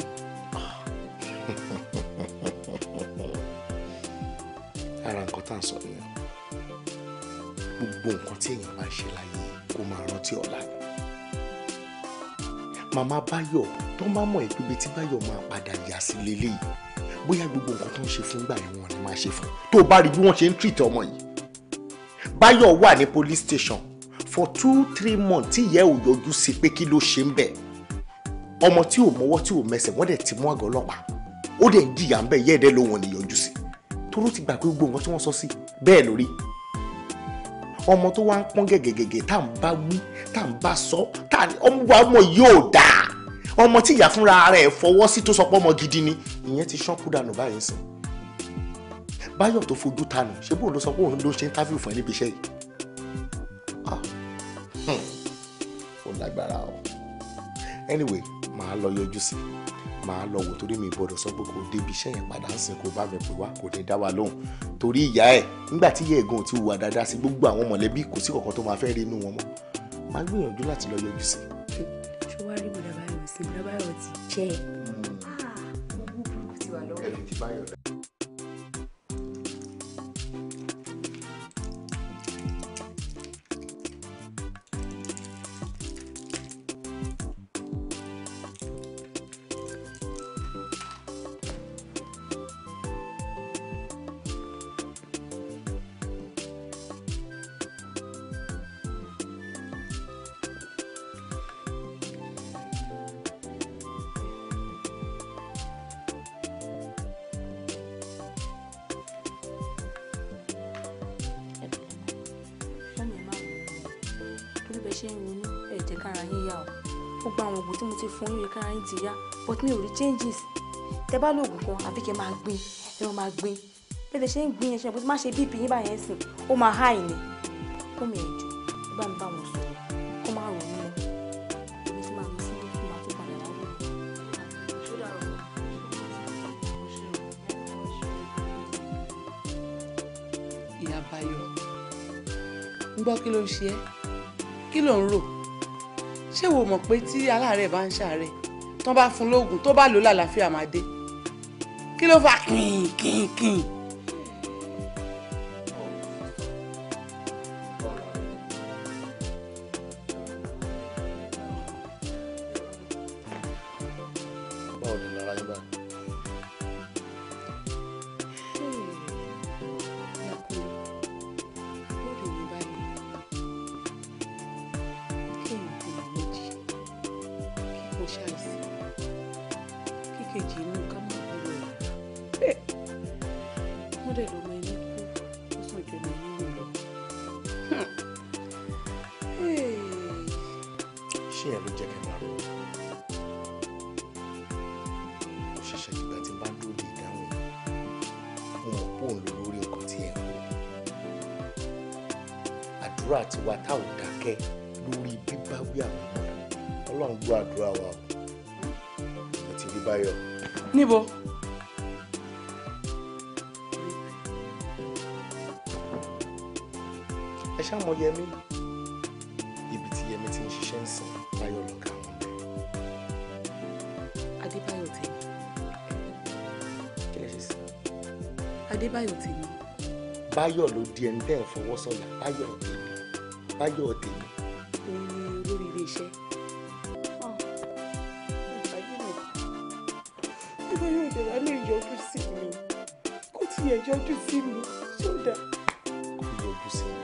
ara nǹkan tá à ń sọ nìyẹn gbogbo nǹkan tí èèyàn bá ń ṣe láyé kó máa rántí ọ̀la màmá báyọ̀ tó máa mọ̀ ìpébi tí báyọ̀ máa padà yà sí lélẹ́yìí bóyá gbogbo nǹkan tó ń ṣe fún gbà yẹn wọn ni máa ṣe fún tó bá rí bí wọ́n ṣe ń treat ọmọ yìí báyọ̀ wà ní police station for two three months tí ìyá ò yọjú sí pé kí ló ṣe ń bẹ̀ ọmọ tí ò mọwọ́ tí ò mẹsẹ̀ wọ́n dẹ̀ ti mú àgọ́ ọlọ́pàá ó dẹ̀ ń jìyà ń bẹ̀ yẹ́ẹ̀dẹ́ lòun ò ní yọjú sí toró ti gbà pé gbogbo nǹkan tí wọ́n sọ sí bẹ́ẹ̀ lórí ọmọ tó wá ń pọ́n gẹ̀gẹ̀gẹ̀gẹ̀ tá à ń bá wí tá à ń bá sọ tá à ní ọmọ ọmọ yóò dáa ọmọ tí ìyá fúnra ara fọwọ́ sí tó sọ pé ọmọ gidi ni ìyẹn ti ṣán kú dànù báyìí sìn báyọ̀ tó fojú tanù ṣé bóun ló sọ pé òun ló ṣe interview fún ẹ níbi iṣẹ́ yìí ah, hmm, ó lágbára o anyway màá lọ yọjú sí i máa lọ wò torí mi gbọ́dọ̀ sọ pé kò débi iṣẹ́ yẹn padà ń sìn kó bá mi pè wá kò ní dá wa lóhùn torí ìyá ẹ̀ nígbà tí ìyá ẹ̀gbọ́n ti hùwà dáadáa sí gbogbo àwọn mọ̀lẹ́bí kò sí kankan tó máa fẹ́ rí inú wọn mọ́ máa gbìyànjú láti lọ yọjú sí. ṣé wàá rí bùdàbáyọ̀ sí bùdàbáyọ̀ ti jẹ́ ẹ̀ hmm. ah, but mi ò rí changes tẹ bá lóògùn kan àbí kẹ máa gbin ẹ wọn máa gbin bẹ́ẹ̀ tẹ ṣe ń gbin yẹn ṣe bó ti má ṣe bíbí yín báyẹn sìn ó máa há ìní kó mi ẹ̀jọ̀ nígbà mi bá wọn sọ kó má rò mí èmi tí màá mú sí ní fún màá tó padà wá wọ. ìyá Báyọ̀ ń gbọ́ kí ló ń ṣe ẹ́ kí ló ń rò ṣé wo mọ̀ pé tí aláàárẹ̀ bá ń ṣàárẹ̀ tó bá fún lóògùn tó bá lò lálàáfíà máa dé kí ló fà kìnkìnkìn báyọ̀ ló di ẹni tẹ́ ẹ̀ fọwọ́ sọ̀yà báyọ̀ tèmi báyọ̀ tèmi. lórí ilé iṣẹ́ báyọ̀ ah, ìdẹ̀rà lè yọjú sí mi kó tiẹ̀ yọjú sí mi sódà. kó yọjú sí mi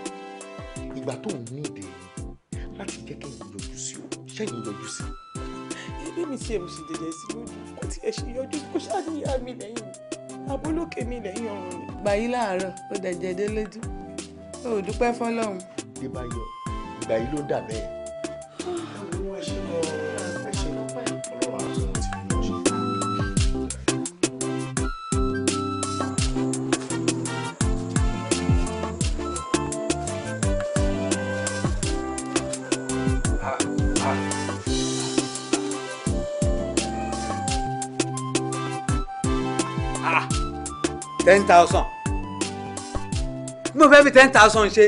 ìgbà tó ń ní ìdè yìí láti jẹ́ kí n yọjú sí o ṣẹ́yìn yọjú sí. ẹgbẹ́ mi tiẹ̀ mo sì dẹ̀dẹ̀ sí lójú kó tiẹ̀ ṣe yọjú kó ṣáà ní àmì lẹ́yìn abólókè mi lẹ́yìn ọ̀run mi. gbàyí láàárọ̀ ó dẹ̀jẹ̀ dé o ó dúpẹ́ fọlọ́run. ìbáyọ̀ ìgbàyí ló dà bẹ́ẹ̀. ten thousand mo fẹ́ fi ten thousand ṣe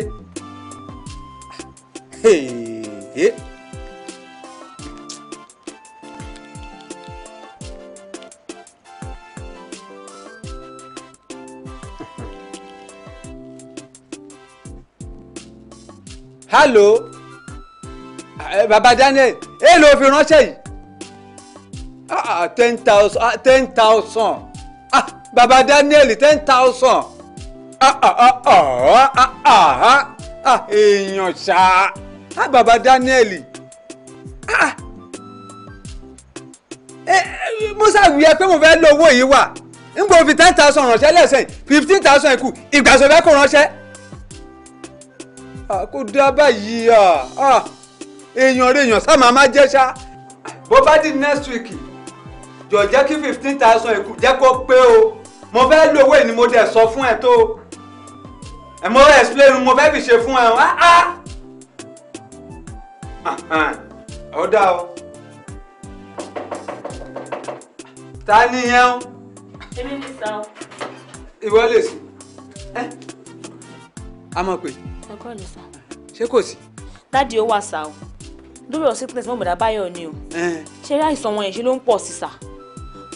hello eh, baba Daniel èèlò fi ránṣẹ́ yìí ah, ten thousand ah, ten thousand baba Daniel ten thousand ah, ah, ah, èèyàn ṣá baba Daniel eh, eh, musa wíyẹ pé mo fẹ́ lo owó yìí wà n kò fi ten thousand ránṣẹ́ lẹ́sẹ̀ fifteen thousand kù ìgbàsọ̀ fẹ́ kó ránṣẹ́ kò dá báyìí èèyàn rèèyàn sá màá má jẹ́ ṣá bó bá di next week jọ̀ọ́ jẹ́ kí fifteen thousand kù jẹ́ kó pé o mo fẹ́ lo owó yìí ni mo dẹ̀ sọ fún ẹ tó ẹ mo fẹ́ explain mo fẹ́ fi ṣe fún ẹ ah ah. ah ah ó dá o ta ni yẹn o. èmi ní sá o. ìwọ lè sí ẹ a mọ̀ pé. ẹ kọ́ lè sá. ṣé kò sí. dáàdi ó wà sá o lórí ọ̀sẹ̀ pínlẹ̀ mọ̀ bọ̀dá báyọ̀ ni o ṣé rí àìsàn wọn yẹn ṣe ló ń pọ̀ sí sá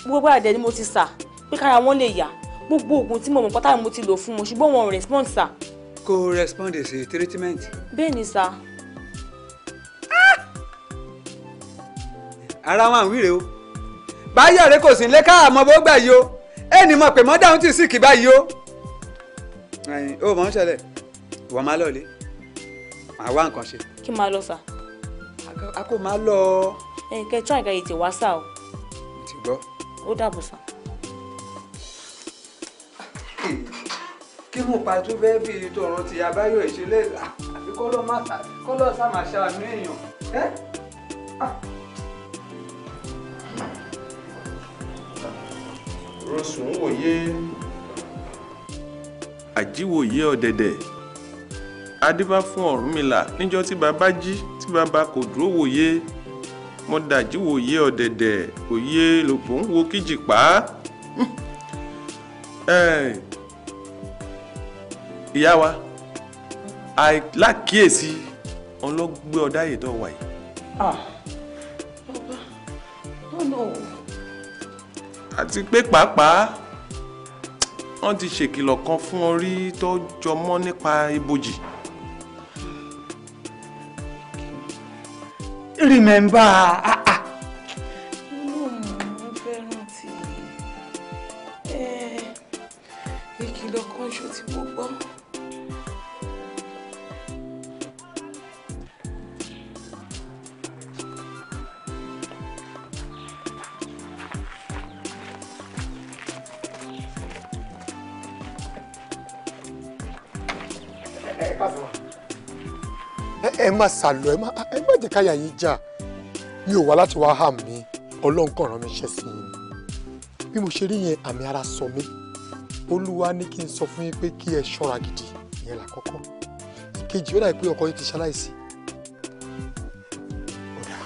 gbogbo àdẹ ni mo ti sá pé kára wọn lè yá gbogbo oògùn tí mo mọ̀ pátá mo ti lò fún wọn ṣùgbọ́n wọn ò respond sir. kò respond sí treatment. bẹ́ẹ̀ ni sir. Ah! ara wọn àwọn ìrè o báyọ̀ rẹ kò sí nílé káà mọ bó gbà yìí o ẹnì mọ̀ pé mọ́ dáhùn tì sí kì báyìí o. ó mọ̀ ń ṣẹlẹ̀ wọ́n máa lọ lé màá wá nǹkan ṣe. kí máa lọ sà. a kò máa lọ. ẹ kẹ́ tíra ìgbà yìí ti wá sà o. mo ti gbọ́. ó dàbọ̀ sà lè ní kí mo pa tún fẹ́ bí tọrọ ti abáyọ ìṣẹ̀lẹ̀ àbí kọ́lọ́ má sá kọ́lọ́ sá máa ṣàánú èèyàn ẹ́. Ah. rosùn wòye. àjíwòye ọ̀dẹ̀dẹ̀ adébá fún ọ̀rúnmìlà níjọ́ tí bàbá jí tí bàbá kò dúró wòye mo dàjí wòye ọ̀dẹ̀dẹ̀ òye lòpọ̀ ń wo kíjì pa ìyá wa àìlákìyèsí ọlọ́gbé ọ̀dá ètò ọ̀wà yìí. Ah, àti pé pàápàá wọ́n ti ṣèkìlọ̀ kan fún ọ rí tó jọmọ́ nípa ibojì. remember ah, má sàlọ ẹ má ẹ káyà yín jà mi ò wá láti wá hàm mi ọlọ́run kàn rán mi ṣẹ́ sí i bí mo ṣe rí yẹn àmì ara sọ mí olúwa ní kí n sọ fún yín pé kí ẹ ṣọ́ra gidi ìyẹn làkọ́kọ́ ìkejì ó dà pé ọkọ yín ti ṣaláìsí ọ̀dà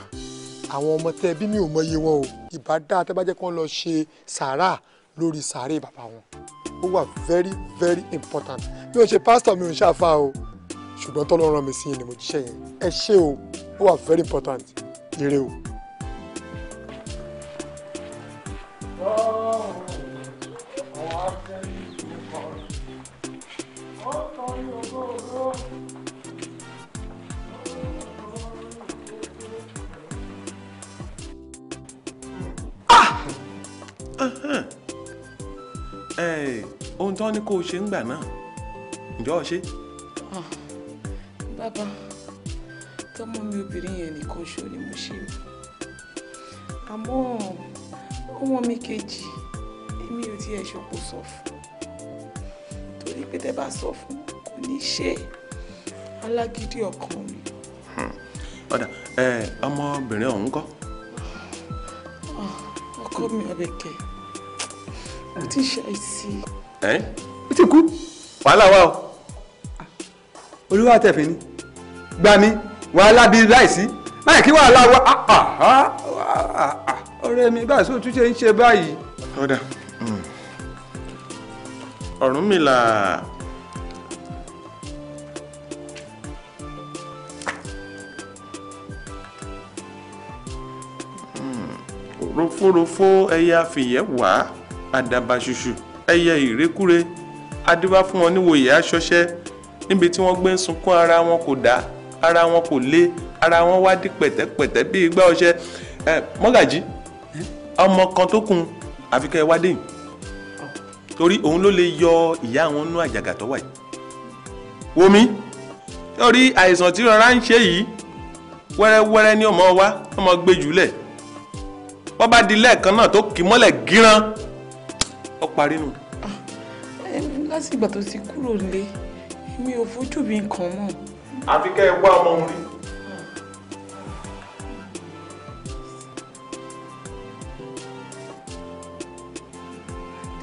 àwọn ọmọ tẹ bí mi ò mọyé wọn o ìbá dáa tẹ bá jẹ́ kí wọ́n lọ ṣe sàárà lórí sàárè bàbá wọn ó wà very very important mi ò ṣe pásítọ̀ mi ò ṣàfà o ṣùgbọ́n tọ́lọ́ rán mi sí yín ni mo jíṣẹ́ yẹn ẹ ṣé o ó wà very important ire o. Ah! ohun tó ní kó o ṣe ń gbà náà ǹjọ́ ọ ṣe. Ah bàbá tọmọ mi obìnrin yẹn nìkan ṣo ni mo ṣe àmọ́ ọmọ mi kejì èmi ò tiẹ̀ ṣòpò sọ fún torí pé tẹ́ bá sọ fún kò ní ṣe alágídí ọkàn mi. Hmm. ọ̀dà ọmọbìnrin ọ̀hún kọ́. Ah, ọkọ mi Àbẹ̀kẹ́ ó ti ṣàìsí. ẹ ó ti kú wàhálà wa o. Ah, olúwa tẹ̀fẹ̀ ni gbà mí wàhálà bíi láìsí láì kí wàhálà wà ah, ah, ah, ọ̀rẹ́ mi báyìí sọ tún ṣe ń ṣe báyìí. ọ̀dà Ọ̀rúnmìlà rofórofó ẹyẹ àfìyẹ́ wá àdàbà ṣùṣù ẹyẹ ìrékúre adébá fún wọn níwòye aṣọṣẹ níbi tí wọ́n gbé ń sunkún ara wọn kò dáa ara wọn kò le ara wọn wá di pẹ̀tẹ́pẹ̀tẹ́ bíi igbá ọṣẹ ẹ mọ́gàjí ọmọ kan tó kù àfi kẹ́ ẹ wá déyìn torí òun ló lè yọ ìyá àwọn nú àjàgà tó wà yìí wòmí torí àìsàn tí rọra ń ṣe yìí wẹ́rẹ́wẹ́rẹ́ ni ọmọ wa ọmọ gbé jùlẹ̀ wọ́n bá di lẹ́ẹ̀kan náà tó kì í mọ́lẹ̀ gíran ó parí nù. Ah, lásìgbà tó ti kúrò lé mi ò fojú mi kàn mọ́ àfi kẹ́ ẹ wá ọmọ òun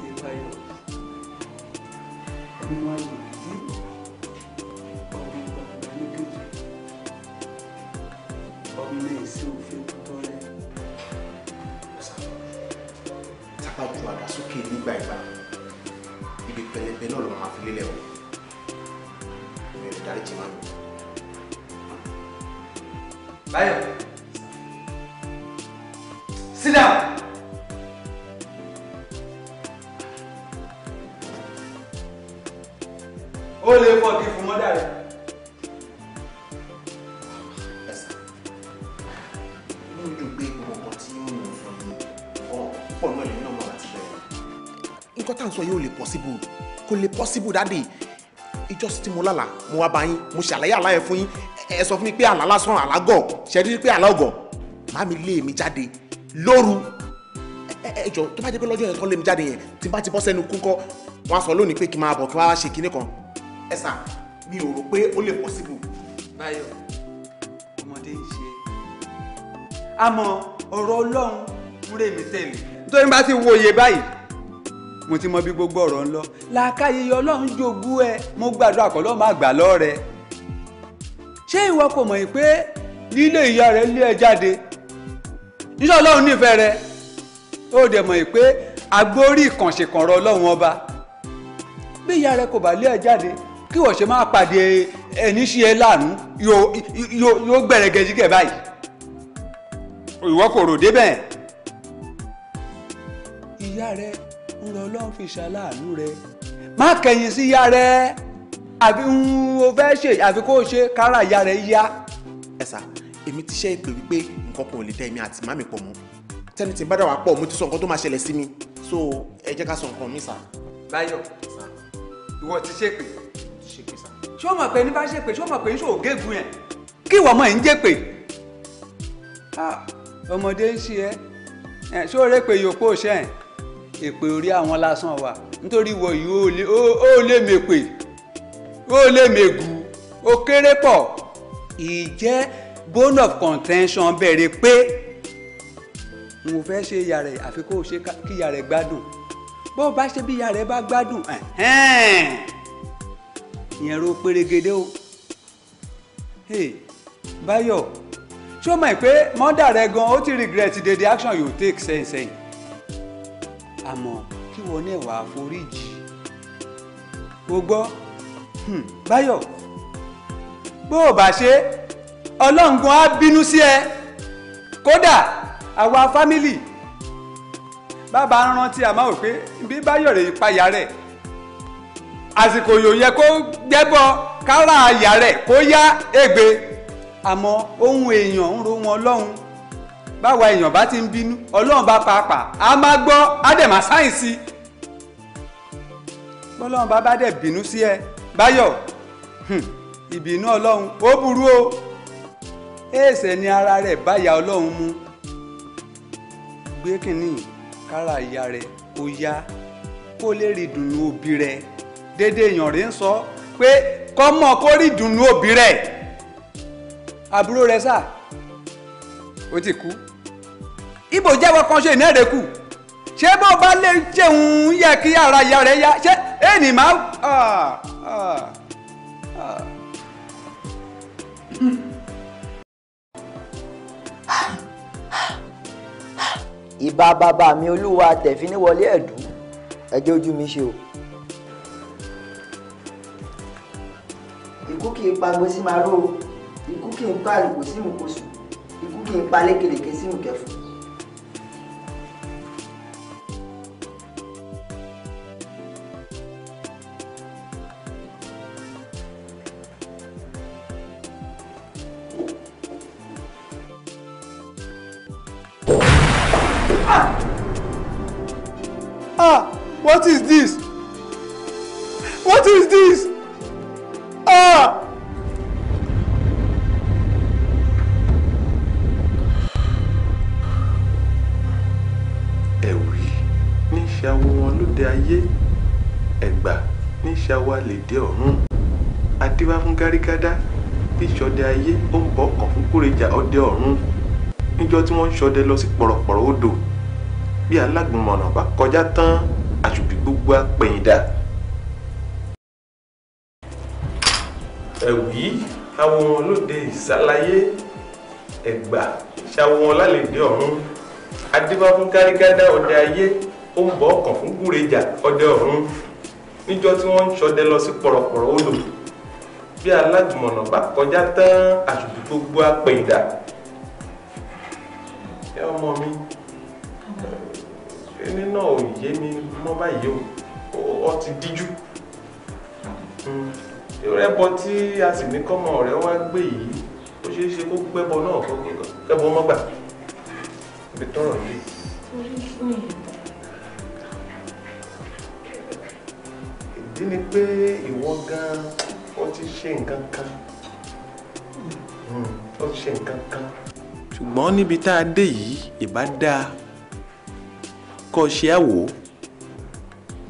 Adébáyọ̀, ẹ má lè possible that day ìjọsìn tí mo lálà mo wá bá yín mo ṣàlàyé àlá yẹn fún yín ẹ sọ fún mi pé àlá lásán àlá gọ̀ ṣẹ́rí pé àlá ọ̀gọ̀ má mi lé mi jáde lóru ẹ jọ tó bá jẹ́ pé lọ́jọ́ yẹn tó lé mi jáde yẹn tí n bá ti bọ́ sẹ́nu kúńkọ́ wọ́n á sọ lónìí pé kí n máa bọ̀ kí n wá ṣe kinní kan ẹ sà mi ò rò pé ó lè possible. báyọ̀ ọmọdé ń ṣe àmọ́ ọ̀rọ̀ ọlọ́run ń rè mí tẹ̀lé nítorí bá ti wòye báyìí mo ti mọ bí gbogbo ọ̀rọ̀ ń lọ làákàyè ọlọ́run jogún ẹ mo gbàdúrà kọ́ lọ́ọ́ máa gbà lọ́rẹ ṣé ìwọ kò mọ̀ pé lílé ìyá rẹ lé ẹ jáde níṣẹ́ ọlọ́run nífẹ̀ẹ́ rẹ ó dẹ̀ mọ̀ pé agbórí rọ ọlọ́run ọba bí ìyá rẹ kò bá lé ẹ jáde kí wọ́n pàdé ẹni ṣe ẹ yóò gbẹ̀rẹ̀ gẹ̀jígẹ̀ báyìí ìwọ kò ń lọ ọlọ́run fi ṣàlàánú rẹ má kẹ̀yìn sí ìyá rẹ àfi ń o fẹ́ ṣe àfi kó o ṣe kára ìyá rẹ yá. ẹ sà èmi ti ṣe ìpè wípé nǹkan kan ò lè dá èmi àti màmí pọ̀ mọ́ tẹ́ni tí ń bá dà wá pọ̀ mo ti sọ nǹkan tó máa ṣẹlẹ̀ sí mi so ẹ jẹ́ ká sọ nǹkan mi sà. báyọ̀ ìwọ ti ṣépè ṣé o mọ̀ pé ní bá ṣépè ṣé o mọ̀ pé ní ṣòwò géègùn yẹn kí ìwọ ọmọ yìí ń jépè ah, ah, ọmọdé ń ṣe ẹ ṣó rẹ pé yòókù ṣẹ́ ẹ̀ èpè orí àwọn lásán wà nítorí wọ yìí ó lè mèpè ó lè mègù ó kéré pọ̀ ìjẹ́ bone of contention bẹ̀rẹ̀ pé mo fẹ́ ṣe ìyá àfi kó o ṣe kí ìyá gbádùn bó o bá ṣe bí ìyá bá gbádùn ìyẹn ro pérégedé o báyọ̀ ṣó mọ̀ pé mọ́dà rẹ gan ó ti regret the action you take sẹ́yìn sẹ́yìn àmọ́ kí wọn náà wàá foríjì o gbọ́ hmm, báyọ̀ bó o bá ṣe ọlọ́ngun á bínú sí ẹ kódà àwa fámìlì bàbá ń rántí àmọ́ ò pé bí báyọ̀ rè ìpayà rẹ̀ àsìkò yóò yẹ kó gbẹ́bọ kára àyà rẹ̀ kó yá ègbé àmọ́ ohun èèyàn ń ro wọn lọ́hùn-ún báwa èèyàn bá ti ń bínú ọlọ́run bá pàápàá a máa gbọ́ á dẹ̀ máa sáyẹ̀nsì bọ́lọ́run bá bá dẹ̀ bínú sí ẹ báyọ̀ ìbínú ọlọ́run ó burú o èèṣẹ̀ ni ara rẹ̀ ya ọlọ́run mu gbé kínní kára ìyá rẹ̀ ó yá kó lè rí ìdùnnú òbí rẹ̀ dédé èèyàn rẹ̀ ń sọ pé kọ́mọ kó rí ìdùnnú òbí rẹ̀ àbúrò rẹ̀ sà ó ti kú ibo jẹ́wọ́ kan ṣe ìmẹ́rẹ̀ kù ṣé bó bá lè jẹun yẹ kí ara ìyá rẹ̀ yá ṣé èèní máa. Ah, ah, ah. ìbà bàbá mi olúwa tẹ̀fíníwọlé ẹ̀dùn ẹ̀jẹ̀ ojú mi ṣe o. ikú kì í pa gbèsè màrú o ikú kì í pa àlùkò sínú kòsù ikú kì í pa lékelèké sínú kẹfù. Ah, ah, what is this? What is this? Ah! Ewi, ni ṣàwọ wọn lóde ayé, ni ní ṣàwọ àlèdè ọ̀run. Adéwá fún gárígádá bí ṣọdẹ ayé ó ń bọ̀ ọ̀kan fún kúrèjà ọdẹ ọ̀run. Níjọ́ tí wọ́n ń ṣọdẹ lọ sí pọ̀rọ̀pọ̀rọ̀ odò bí alágúnmọ̀nà bá kọjá tán àṣùbí gbogbo apẹ̀yìndà. ẹ̀wí àwọn wọn lóde ìsàlàyé ẹ̀gbà ṣàwọn wọn lálẹ́dẹ́ ọ̀run adébáfún kárígádá ọdẹ ayé ó ń bọ̀ ọkàn fún gúrejà ọdẹ ọ̀run níjọ́ tí wọ́n ń ṣọdẹ lọ sí pọ̀rọ̀pọ̀rọ̀ odò bí alágúnmọ̀nà bá kọjá tán àṣùbí gbogbo apẹ̀yìndà. ẹ ọmọ mi kíní náà ò yé mi mọ́ báyìí o ọ ti díjú ẹbọ tí a sì ní kọ́mọ ọ̀rẹ́ wá gbé yìí ó ṣeé ṣe kó gbẹ́bọ náà kó kẹ́bọ mọ́gbà ibi tọrọ yìí. ìdí ni pé ìwọ gan ó ti ṣe nǹkan kan hmm, ó ti ṣe nǹkan kan. ṣùgbọ́n níbi tá a dé yìí ìbá dáa kọ́ ṣe ẹ̀ wò ó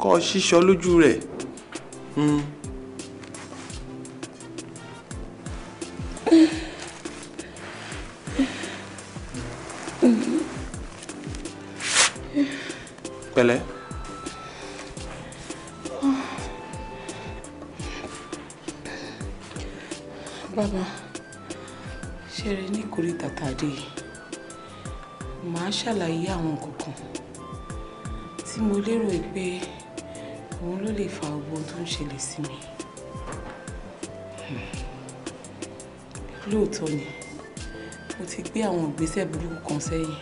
kọ́ ṣíṣọ lójú rẹ̀ hmm. pẹ̀lẹ́. bàbá ṣeré ní kórìtà tàdé màá ṣàlàyé àwọn kankan tí mo lérò pé òun ló lè fa gbogbo tó ń ṣẹlẹ̀ sí mi lóòótọ́ ni mo ti gbé àwọn ìgbésẹ̀ burúkú kan sẹ́yìn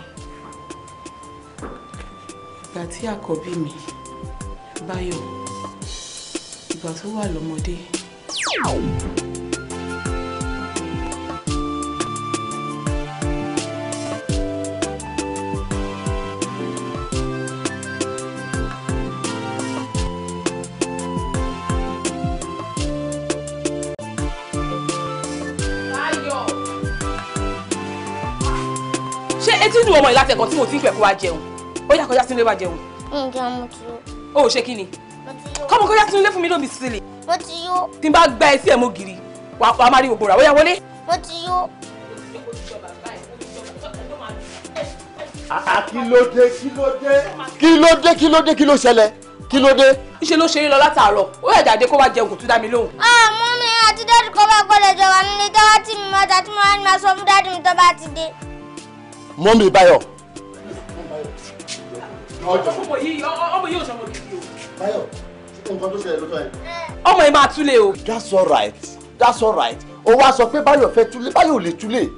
ìgbà tí àkọ́bí mi báyọ̀ ìgbà tó wà lọ́mọdé. sínú ọmọ ìlàtẹ̀ kan tí mo ti ń pẹ̀ kó wa jẹun ó yà kọjá sínú ilé wa jẹun. ǹjẹ́ mo ti yó. o ò ṣe kí ni kọ́mọ kọjá sínú ilé fún mi lómi sílẹ̀. mo ti yó. tí n bá gbá ẹ sí ẹ̀ mọ́ gírí wàá má rí gbogbo rà ó yá wọlé. mo ti yó. àà kí ló dé kí ló dé. kí ló dé kí ló dé kí ló ṣẹlẹ̀ kí ló dé. iṣẹ́ ló ṣe é lọ látàárọ̀ ó yẹ jáde kó wá jẹun kò tún dá mi lóhùn. ah mummy àti dáàdì kọ́ bá gbọ́dọ̀ jọ wà nílé tọ́wọ́ tí mi máa tà tí mo máa ń sọ fún dáàdì mi tó bá ti dé mọ́mí báyọ̀. ọmọ yìí máa túlẹ̀ o. that's all right that's all right o wá sọ pé báyọ̀ fẹ́ túlẹ̀ báyọ̀ ò lè túlẹ̀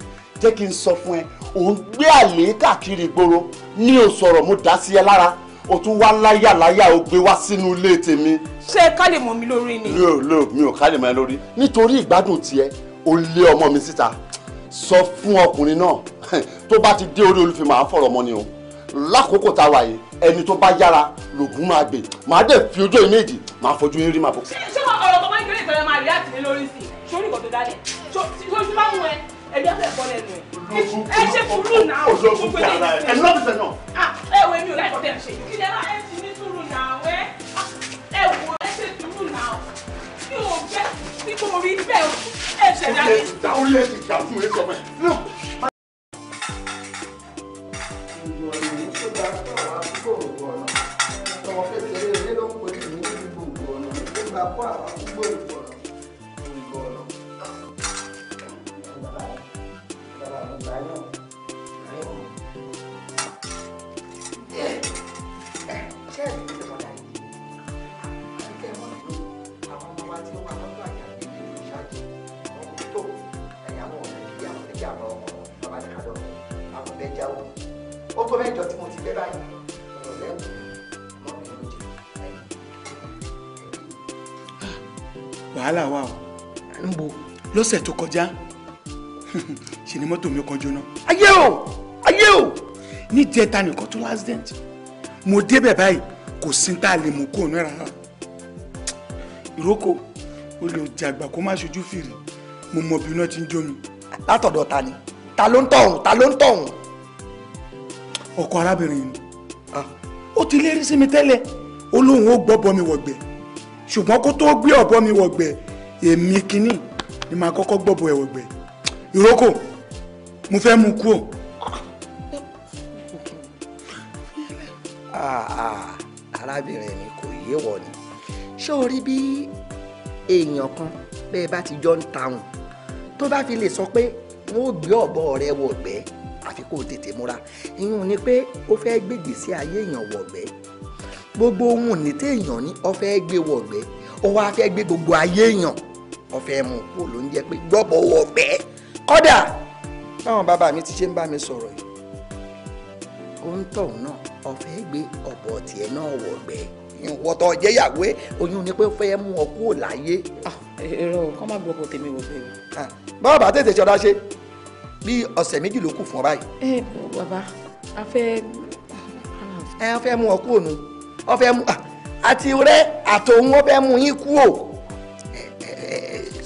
jẹ́ kí n sọ fún ẹ òun gbé àlè káàkiri ìgboro ní o sọ̀rọ̀ mo dá sí ẹ lára o tún wá láyàláyà o gbé wá sínú ilé tèmi. ṣé ká lè mọ mi lórí ni. mi ò mi ò ká lè mọ ẹ lórí nítorí ìgbádùn tiẹ̀ o lé ọmọ mi síta sọ fún ọkùnrin náà tó bá ti dé orí olùfẹ́ màá fọ̀rọ̀ mọ́ ni o lákòókò tá a wà yìí ẹni tó bá yára lògùn máa gbè màá dẹ̀ fi ojú ìméjì màá fojú yín rí màá fọ. ṣé ṣé ọ̀rọ̀ tó máa ń gbé ìtọ́jú máa rí àtìlẹ́ lórí sí i sórí ìkọ̀tọ̀ dálẹ̀ ṣoṣù máa ń wọ ẹ ẹgbẹ́ fẹ́ bọ́ lẹ́nu ẹ̀ ẹ ṣe fúrú náà gbogbo ẹ̀ ẹ̀ ní lọ́ọ̀bì sẹ́nà. ẹ wo èmi ò láì kọ́tẹ́ ṣe kí ni ẹ ti ní túrú náà ah, ẹ wo ẹ ṣe túrú náà mi ò bẹ́ẹ̀ kí kò rí bẹ́ẹ̀ ẹ̀ṣẹ̀ dání. ẹ ta orí ẹ ti dàrú ẹ sọ fún ẹ. lọ́sẹ̀ tó kọjá ṣe ni mọ́tò mi kan jóná ayé o ayé o ní jẹta nìkan tó accident mo débẹ̀ báyìí kò sí tá a lè mú kó náírà rà ìrókò o lè jàgbà kó má ṣojú fìrì mo mọ bí iná ti ń jó mi. látọ̀dọ̀ ta ni ta ló ń tọ̀hún ta ló ń tọ̀hún. ọkọ arábìnrin ni ah. ó ti lérí sí mi tẹ́lẹ̀ ó lóun ó gbọ́ bọ́ mi wọ̀gbẹ́ ṣùgbọ́n kó tó gbé ọ̀bọ mi wọ̀gbẹ́ èmi kínní ni màá kọ́kọ́ gbọ̀bọ̀ ẹ̀wẹ̀gbẹ̀ ìrókò mo fẹ́ mu kú o. arábìnrin mi kò yé wọ ni ṣé o rí bí èèyàn kan bẹ́ẹ̀ bá ti jọ ń taun tó bá fi lè sọ pé wọ́n ò gbé ọ̀bọ rẹ wọ̀gbẹ́ àfi kó o tètè múra ìyún ni pé ó fẹ́ gbègbè sí ayé èèyàn wọ̀gbẹ́ gbogbo ohun ní téèyàn ní ó fẹ́ gbé wọ̀gbẹ́ ó wá fẹ́ gbé gbogbo ayé èèyàn wọ́n fẹ́ mú kó ló ń jẹ́ pé gbọ́bọ̀ wọ̀ bẹ́ẹ̀ kọ́dà báwọn bàbá mi ti ṣe ń bá mi sọ̀rọ̀ yìí òun tọ̀hún náà ọ̀fẹ́ gbé ọ̀bọ̀ tiẹ̀ náà wọ̀ bẹ́ẹ̀ ìwọ́tọ̀ jẹ́yàwó oyún ni pé fẹ́ mú ọ kúrò láyé. èrò ah, kọ́ má gbọ́ bọ̀ tèmi wò fẹ́ mi. Ah, báwo bá tètè ṣọdá ṣe bí ọ̀sẹ̀ méjì ló kù fún ọ báyìí. ẹ bàbá a fẹ́. ẹ fẹ́ mú ọ kúrò nù ọ fẹ́ mú ah, àti rẹ àtòun ọ fẹ́ mú yín kúrò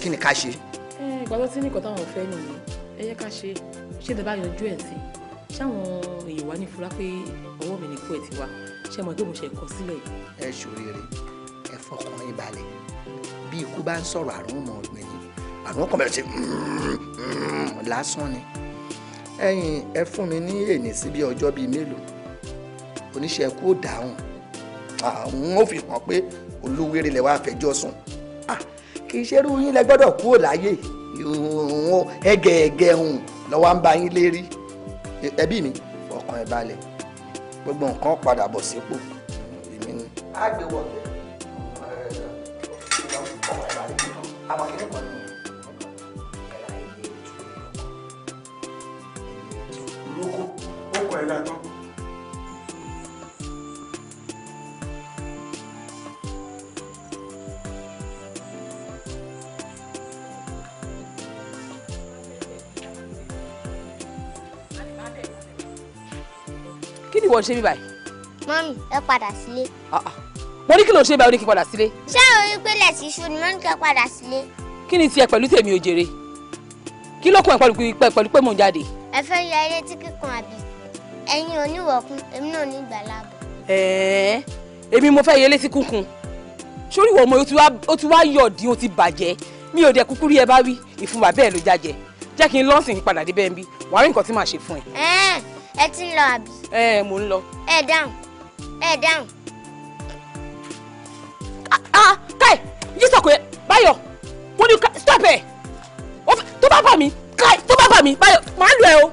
kí ni ká ṣe. ẹ eh, ìgbà tó ti ní nǹkan táwọn fẹ́ nìyí ẹ yẹ ká ṣe ṣé tẹ bá yanjú ẹ̀ sí ṣáwọn èèyàn wá ní fura pé ọwọ́ mi ní kú ẹ̀ ti wá ṣe mọ̀ pé mo ṣe kọ sílẹ̀. ẹ ṣòrere ẹ fọkàn yín balẹ̀ bí ikú bá ń sọ̀rọ̀ àrùn mọ̀ ọ̀gbìn yìí àrùn ọkàn bẹ̀rẹ̀ sí mm-hmm, mm-hmm", lásán ni ẹ̀yin ẹ fún mi ní èyí sí bí ọjọ́ bíi mélòó oníṣẹ́ kú dáhùn àwọn ò fi hàn pé olúwere lè fẹjọ́ sùn kì í ṣerú yín lẹ gbọ́dọ̀ kúrò láyé ẹgẹẹgẹ hùn lọ́wọ́ à ń ba yín lérí ẹbí mi ọkàn ẹ balẹ̀ gbogbo nǹkan padà bọ̀ sípò èmi ni. a gbé wọ àwọn kìnìún kan ní olóko ó kọ ẹ látọ. ìwọ ń ṣe mí báyìí. mọ́mí ẹ padà sílé. Ah, ah. mo ní kí ló ń ṣe báyìí ó ní kí n padà sílé. ṣé àwọn onígbélé ti ṣu ni mọ́mí kẹ́ padà sílé. kí ni tiẹ̀ pẹ̀lú tèmi òjèrè kí ló kún ẹ pẹ̀lú pé mò ń jáde. ẹ fẹ́ ya ilé tí kíkan àbí ẹ̀yin oníwọ̀kun èmi náà ní ìgbàlábọ̀. ẹ̀ẹ́ èmi mo fẹ́ yẹlé sí kúnkún sórí ìwọ ọmọ ó ti wá yọ̀dín ó ti bàjẹ́ mi ò dẹ̀ kúkúrú ẹ bá wí ìfúnbà bẹ́ẹ̀ ló jájẹ jẹ́ kí n lọ́sìn padà dé bẹ́ẹ̀ bí wàá rí nǹkan tí màá ṣe fún ẹ ẹ ti ń lọ àbí. ẹ ẹ mò ń lọ. ẹ dáhùn ẹ dáhùn. ah, ah kai yí sọkò yẹ báyọ̀ wọ́n ní stop ẹ̀ tó bá bà mí kai tó bá bà mí báyọ̀ màá lù ẹ́ o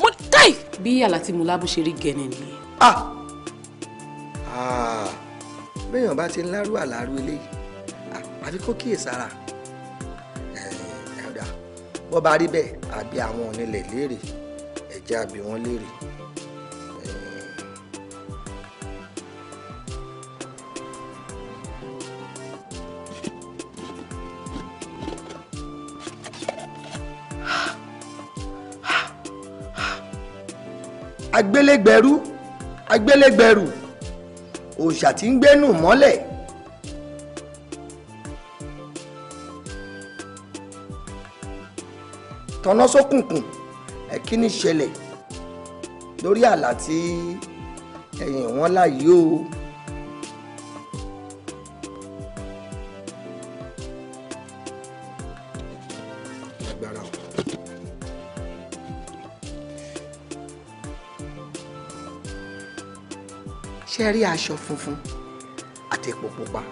mo kai. bí àlàtì mùlábù ṣe rí gẹ̀ẹ́nì nìyẹn. ah ah béèyàn bá ti ń lárú àlárú eléyìí ah, àfi kó kíyèsára eh, bọ́ bá rí bẹ́ẹ̀ àbí àwọn onílẹ̀ léèrè jẹ́ àbí wọ́n léèrè. agbélégbẹrú agbélégbẹrú òòṣà tí ń gbénú mọ́lẹ̀. tọ́nà sókùnkùn. So ẹ kí ni ṣẹlẹ̀ lórí àlá tí ẹ̀yìn wọn láàyè o. ṣe rí aṣọ funfun àti epo pupa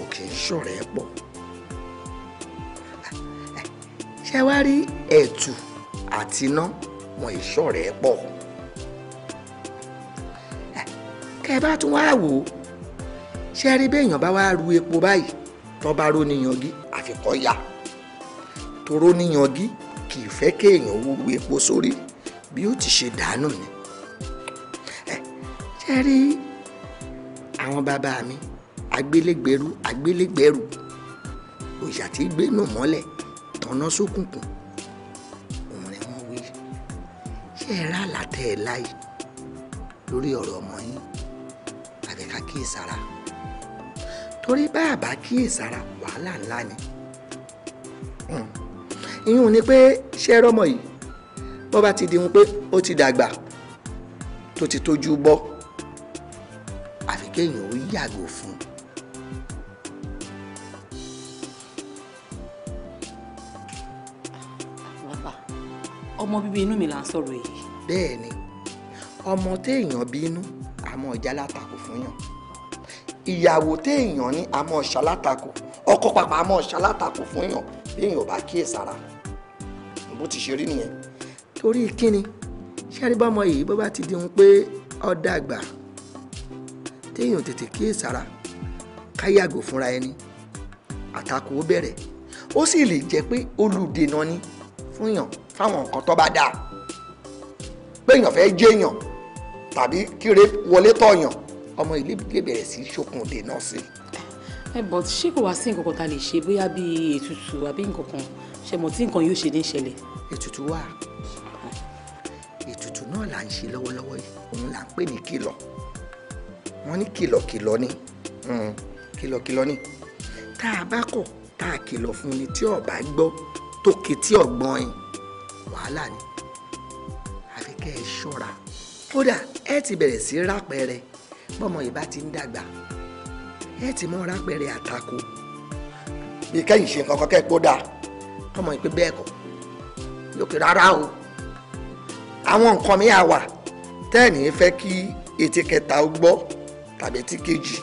ò kì í ṣọ̀rẹ́ pọ̀ ṣe wá rí ẹ̀tù. E àtiná wọn ìṣọ́ rẹ̀ pọ̀ kẹ bá tún wá wò ó ṣe rí béèyàn bá wá ru epo báyìí tó bá ró níyangí àfikọ́ ya toró níyangí kì í fẹ́ kéèyàn wúru epo sórí bí ó ti ṣe dànù ni ṣe rí àwọn bàbá mi àgbélẹ̀gbẹ̀rú àgbélẹ̀gbẹ̀rù òyà tí gbénú mọ́lẹ̀ tọ́nà sókùnkùn ṣé ẹ rà látẹ̀ ẹ láì lórí ọ̀rọ̀ ọmọ yín àbí ká kíyèsára torí bá a bá kíyèsára wàhálà ńlá ni hmm. ìyún ni pé ṣé ẹ rọ́mọ yìí bó bá ti di wọn pé ó ti dàgbà tó ti tójú bọ́ àfi kéèyàn ó yàgò fún un ọmọ bíbí inú mi là ń sọ̀rọ̀ yìí. bẹ́ẹ̀ ni ọmọ téèyàn bínú àmọ́ ìjà látakò fún yàn ìyàwó téèyàn ní àmọ́ ọ̀ṣà látakò ọkọ pàpà àmọ́ ọ̀ṣà látakò fún yàn béèyàn bá kíyèsára bó ti ṣe rí nìyẹn torí kíni ṣẹ́rí bọ́mọ yìí bó bá ti di ohun pé ó dàgbà téèyàn tètè kíyèsára ká yàgò fúnra ẹni àtakò ó bẹ̀rẹ̀ ó sì lè jẹ́ pé olùdènà ni fún yàn fáwọn nǹkan tó bá dáa péyàn fẹ́ jẹ́yàn tàbí kíre wọlé tọ̀yàn ọmọ ilé lè bẹ̀rẹ̀ sí ṣokùn dènà sí. ẹ eh, bọ̀ ṣé kò wá sí nǹkan kan tá a lè ṣe bóyá bíi ètùtù àbí nǹkan kan ṣe mọ̀ tí nǹkan yóò ṣe ní ìṣẹ̀lẹ̀. ètùtù wà ètùtù náà là ń ṣe lọ́wọ́lọ́wọ́ yìí òun là ń pè ní kìlọ̀ wọ́n ní kìlọ̀kìlọ̀ ni hmm, kìlọ̀kìlọ̀ ni tá a bá kọ̀ tá a kìlọ̀ fún ni tí ò bá gbọ́ tó ketí ọ̀gbọ́n yìí wàhálà ni àfi kẹ́ ẹ ṣọ́ra kódà ẹ ti bẹ̀rẹ̀ sí rápẹrẹ bọ́mọ yìí bá ti ń dàgbà ẹ ti mọ rápẹrẹ àtakò. bí kẹ́yìn ṣe nǹkan kan kó dáa. ọmọ yìí pé bẹ́ẹ̀ kọ́ lókè rárá o àwọn nǹkan mi àwà tẹ́ẹ̀nì fẹ́ kí etí kẹta ó gbọ́ tàbí etí kejì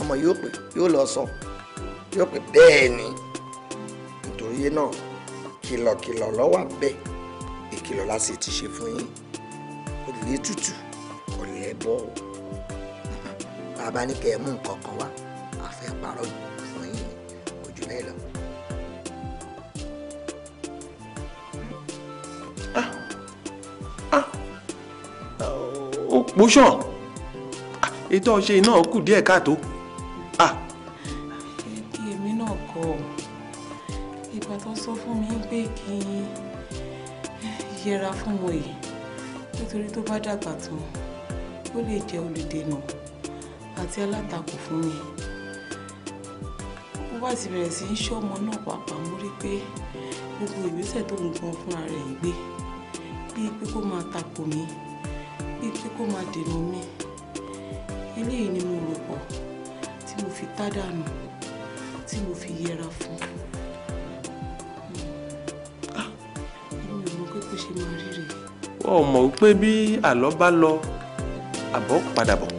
ọmọ yóò pè yóò lọ sọ yóò pè bẹ́ẹ̀ ni nítorí náà. ìkìlọ̀kìlọ̀ ló wà bẹ́ẹ̀ ìkìlọ̀ la sì ti ṣe fún yín kò lè tutù kò lè bọ́ ọ bàbá ní kẹ́ ẹ mú nǹkan kan wá àfẹ́ parọ́ fún yín kò bẹ́ẹ̀ lọ. ó pọ́ṣọ̀ ètò ọ̀ṣẹ́ iná kù díẹ̀ káàtó. bá dàgbà tán ó lè jẹ́ olùdènà àti alátakò fún mi ó bá ti bẹ̀rẹ̀ sí í ṣọ́ ọmọ náà pàápàá mo rí pé gbogbo ìgbésẹ̀ tó ń gan fúnra rẹ̀ ń gbé bíi pé kó máa takò mí bíi pé kó máa dènà mí eléyìí ni mo rò pọ̀ tí mo fi tá tí mo fi yẹra fún un. ọmọ pé bí àlọ́ bá lọ àbọ̀ padà bọ̀.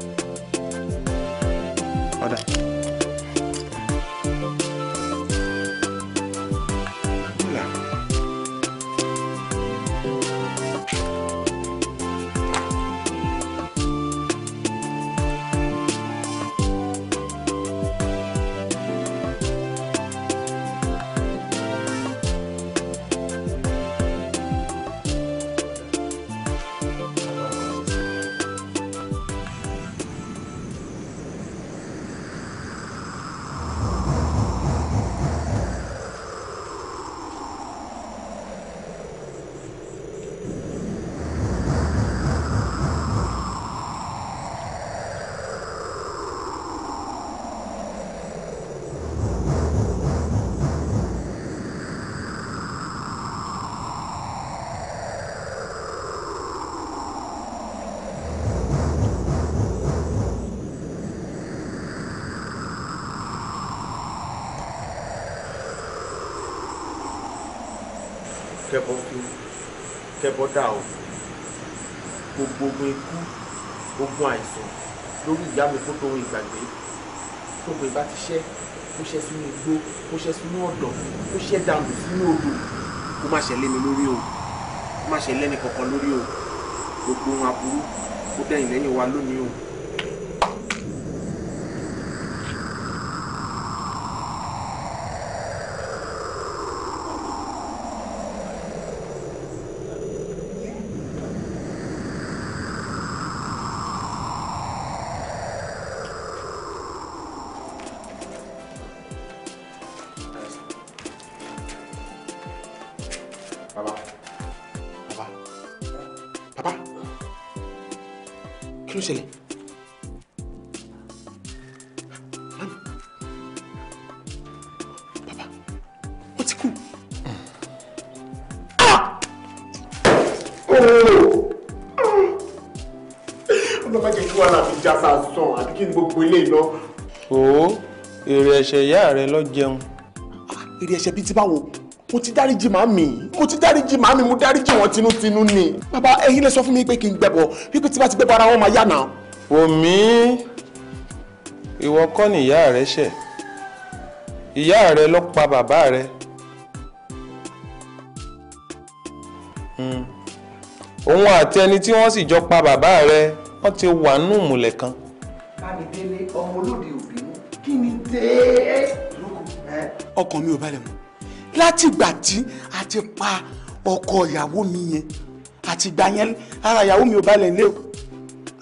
ìyá mi kó tó ìgbàgbé tó gbé bá ti ṣẹ́ kó ṣẹ́ sínú igbó kó ṣẹ́ sínú ọ̀dọ̀ kó ṣẹ́ dànù sínú odò kó má ṣẹlẹ̀ mi lórí o kó má ṣẹlẹ̀ mi kankan lórí o gbogbo ohun aburú kó dẹ̀yìn lẹ́yìn wa lónìí o. Bàbá, kí ló ṣẹlẹ̀? Mami, bàbá, wọ́n ti kú. Ah! Oh! Ọlọ́ má jẹ́ kí wàhálà mi já sàásàn àbí kí ni gbogbo ilé iná. Òó, oh, èrè ẹ̀ṣẹ̀ ìyá rẹ lọ jẹun. Ah, èrè ẹ̀ṣẹ̀ bíi ti báwo? mo ti dáríjì màmí mo ti dáríjì màmí mo dáríjì wọn tinútinú ni bàbá ẹ̀yin lè sọ fún mi pé kí n gbẹbọ wípé tí bá ti gbẹbọ ara wọn máa yá nà. omi ìwọ kọ́ ni ìyá rẹ ṣẹ̀ ìyá rẹ ló pa bàbá rẹ hmm. òun àti ẹni tí wọ́n sì jọ pa bàbá rẹ wọ́n ti wà nù múlẹ̀ kan. bámidélé ọmọ òbí kí ni dé. ọkàn mi ò balẹ̀ mọ́ látìgbà tí a ti pa ọkọ ìyàwó mi yẹn àtìgbà yẹn ara ìyàwó mi ò balẹ̀ lé o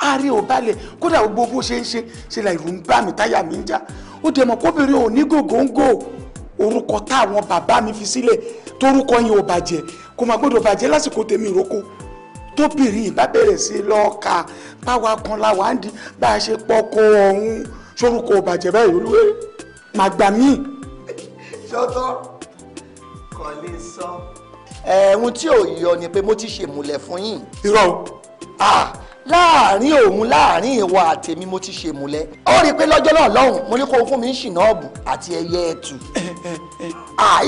ààrẹ ò balẹ̀ kódà gbogbo bó ṣe ń ṣe ṣe là ìrù ń bá mi táyà mi ń já ó dẹ̀ mọ̀ kóbìnrin ò ní gògóńgò orúkọ táwọn bàbá mi fi sílẹ̀ torúkọ yẹn ò bàjẹ́ kò má gbọ́dọ̀ bàjẹ́ lásìkò tèmi ìrókò tóbìnrin ìbá bẹ̀rẹ̀ sí lọ́ọ̀ka báwa kan láwa ń di bá a ṣe pọkọ ọ̀hún sorúkọ ò bàjẹ́ báyìí olúwe màgbà míì. ṣọtọ́ kàn lè sọ. ẹ̀hún tí ò yọ ni pé mo ti ṣèmùlẹ̀ fún yín. irọ́ o. láàárín òun láàárín ìwà àtèmi mo ti ṣèmùlẹ̀. ó rí i pé lọ́jọ́ náà lọ́hùn mo ní kó fún mi ń ṣìnà ọ̀bù àti ẹyẹ ẹ̀tù.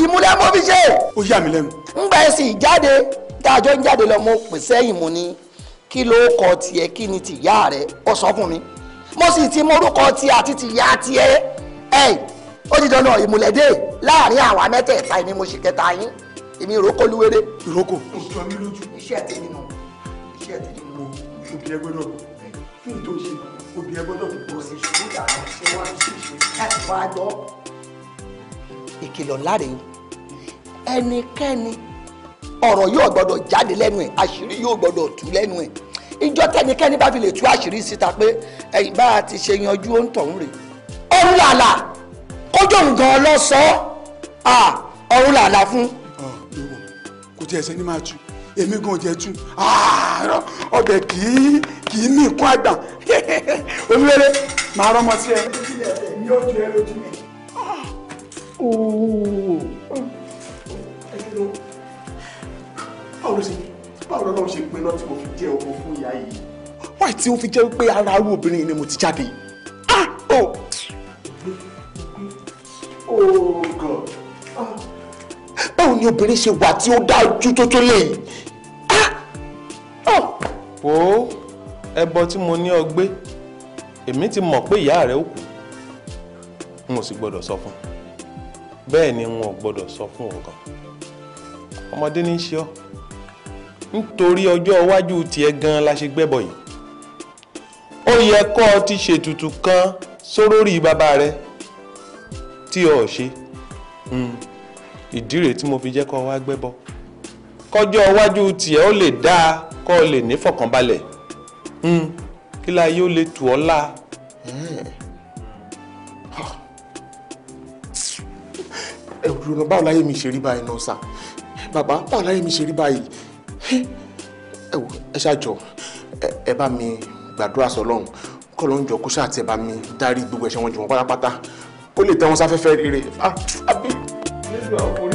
ìmúlẹ̀ mo fi ṣe. ó yà mí lẹ́nu. ń gbà ẹ̀sìn ìjáde tá a jọ ń jáde lọ mo pè sẹ́yìn mo ní kí ló kọ tiẹ̀ kí ni tìyá rẹ̀ ó sọ fún mi mo sì ti mọ orúkọ tiẹ̀ àti tìyá tiẹ̀ ẹ̀ ó ti dandan ìmùlẹ̀dé láàrin àwa mẹ́tẹ̀ẹ̀ta ni mo sì kẹta yín èmi ìrókò lúwéré. ìrókò. oṣù ọmọ lójú iṣẹ́ ẹ̀tẹ́ nínú iṣẹ́ ẹ̀tẹ́ nínú òbí ẹgbẹ́ náà kí n tó ṣe òbí ẹgbẹ́ náà kò sì ṣubú dànù ṣé wàá ṣe ṣe láti wá gbọ́. ìkìlọ̀ ńlá rèé ẹnikẹ́ni ọ̀rọ̀ yóò gbọ́dọ̀ jáde lẹ́nu ẹ̀ àṣírí yóò gbọ́dọ̀ tú lẹ́nu ẹ̀ ìjọ tẹnikẹ́ni bá fi lè tú àṣírí síta pé ẹ̀yìn bá a ti ṣe yanjú ó ń tọ̀hún rèé ó ń làlà kójó nǹkan ọlọ́sọ ọ̀run làlà fún. Ah, kò tí ẹ sẹ́ni máa tu èmi gan jẹ tu ọbẹ̀ kì í kì í ní ikú àgbà olúwẹ̀rẹ̀ màá rọmọ sí ẹ ní ojú ẹ lójú mi. báwo báwo lọ́wọ́ ṣe pinnu tí mo fi jẹ́ ọmọ fún ìyá yìí. wáyé tí ó fi jẹ́ pé ara arú obìnrin ni mo ti jáde. ah oh Oh, báwo ni obìnrin ṣe wà tí ó dá ojú tó tó lè yìí. Ah! Oh! wo ẹbọ tí mo ní ọ gbé èmi ti mọ̀ pé ìyá rẹ̀ ó kú n ò sì gbọ́dọ̀ sọ fún bẹ́ẹ̀ ni n ò gbọ́dọ̀ sọ fún ọ̀kan ọmọdé ní í ṣe ọ́ nítorí ọjọ́ iwájú tiẹ̀ gan la ṣe gbẹ́bọ̀ yìí ó yẹ kó o ti ṣètùtù kan sórórí bàbá rẹ̀ tí o ò ṣe hmm. ìdí rèé tí mo fi jẹ́ kó wá gbẹ́bọ kọjọ́ iwájú tiẹ̀ ó lè dáa kó o lè ní fọkànbalẹ̀ hmm. kí láyé ó lè tù ọ́ la. Hmm. ẹ̀rù ọ̀nà báwo láyé mi ṣe rí báyìí náà sà bàbá báwo láyé mi ṣe rí báyìí ẹ wò ẹ ṣàjọ ẹ bá mi gbàdúrà sọ́lọ́run kọ́ ló ń jọ kó ṣáà tiẹ̀ bá mi dárí gbogbo ẹ̀ṣẹ̀ wọn jù pátápátá kó lè tẹ wọn sáfẹ́fẹ́ rere àbí ah, nígbà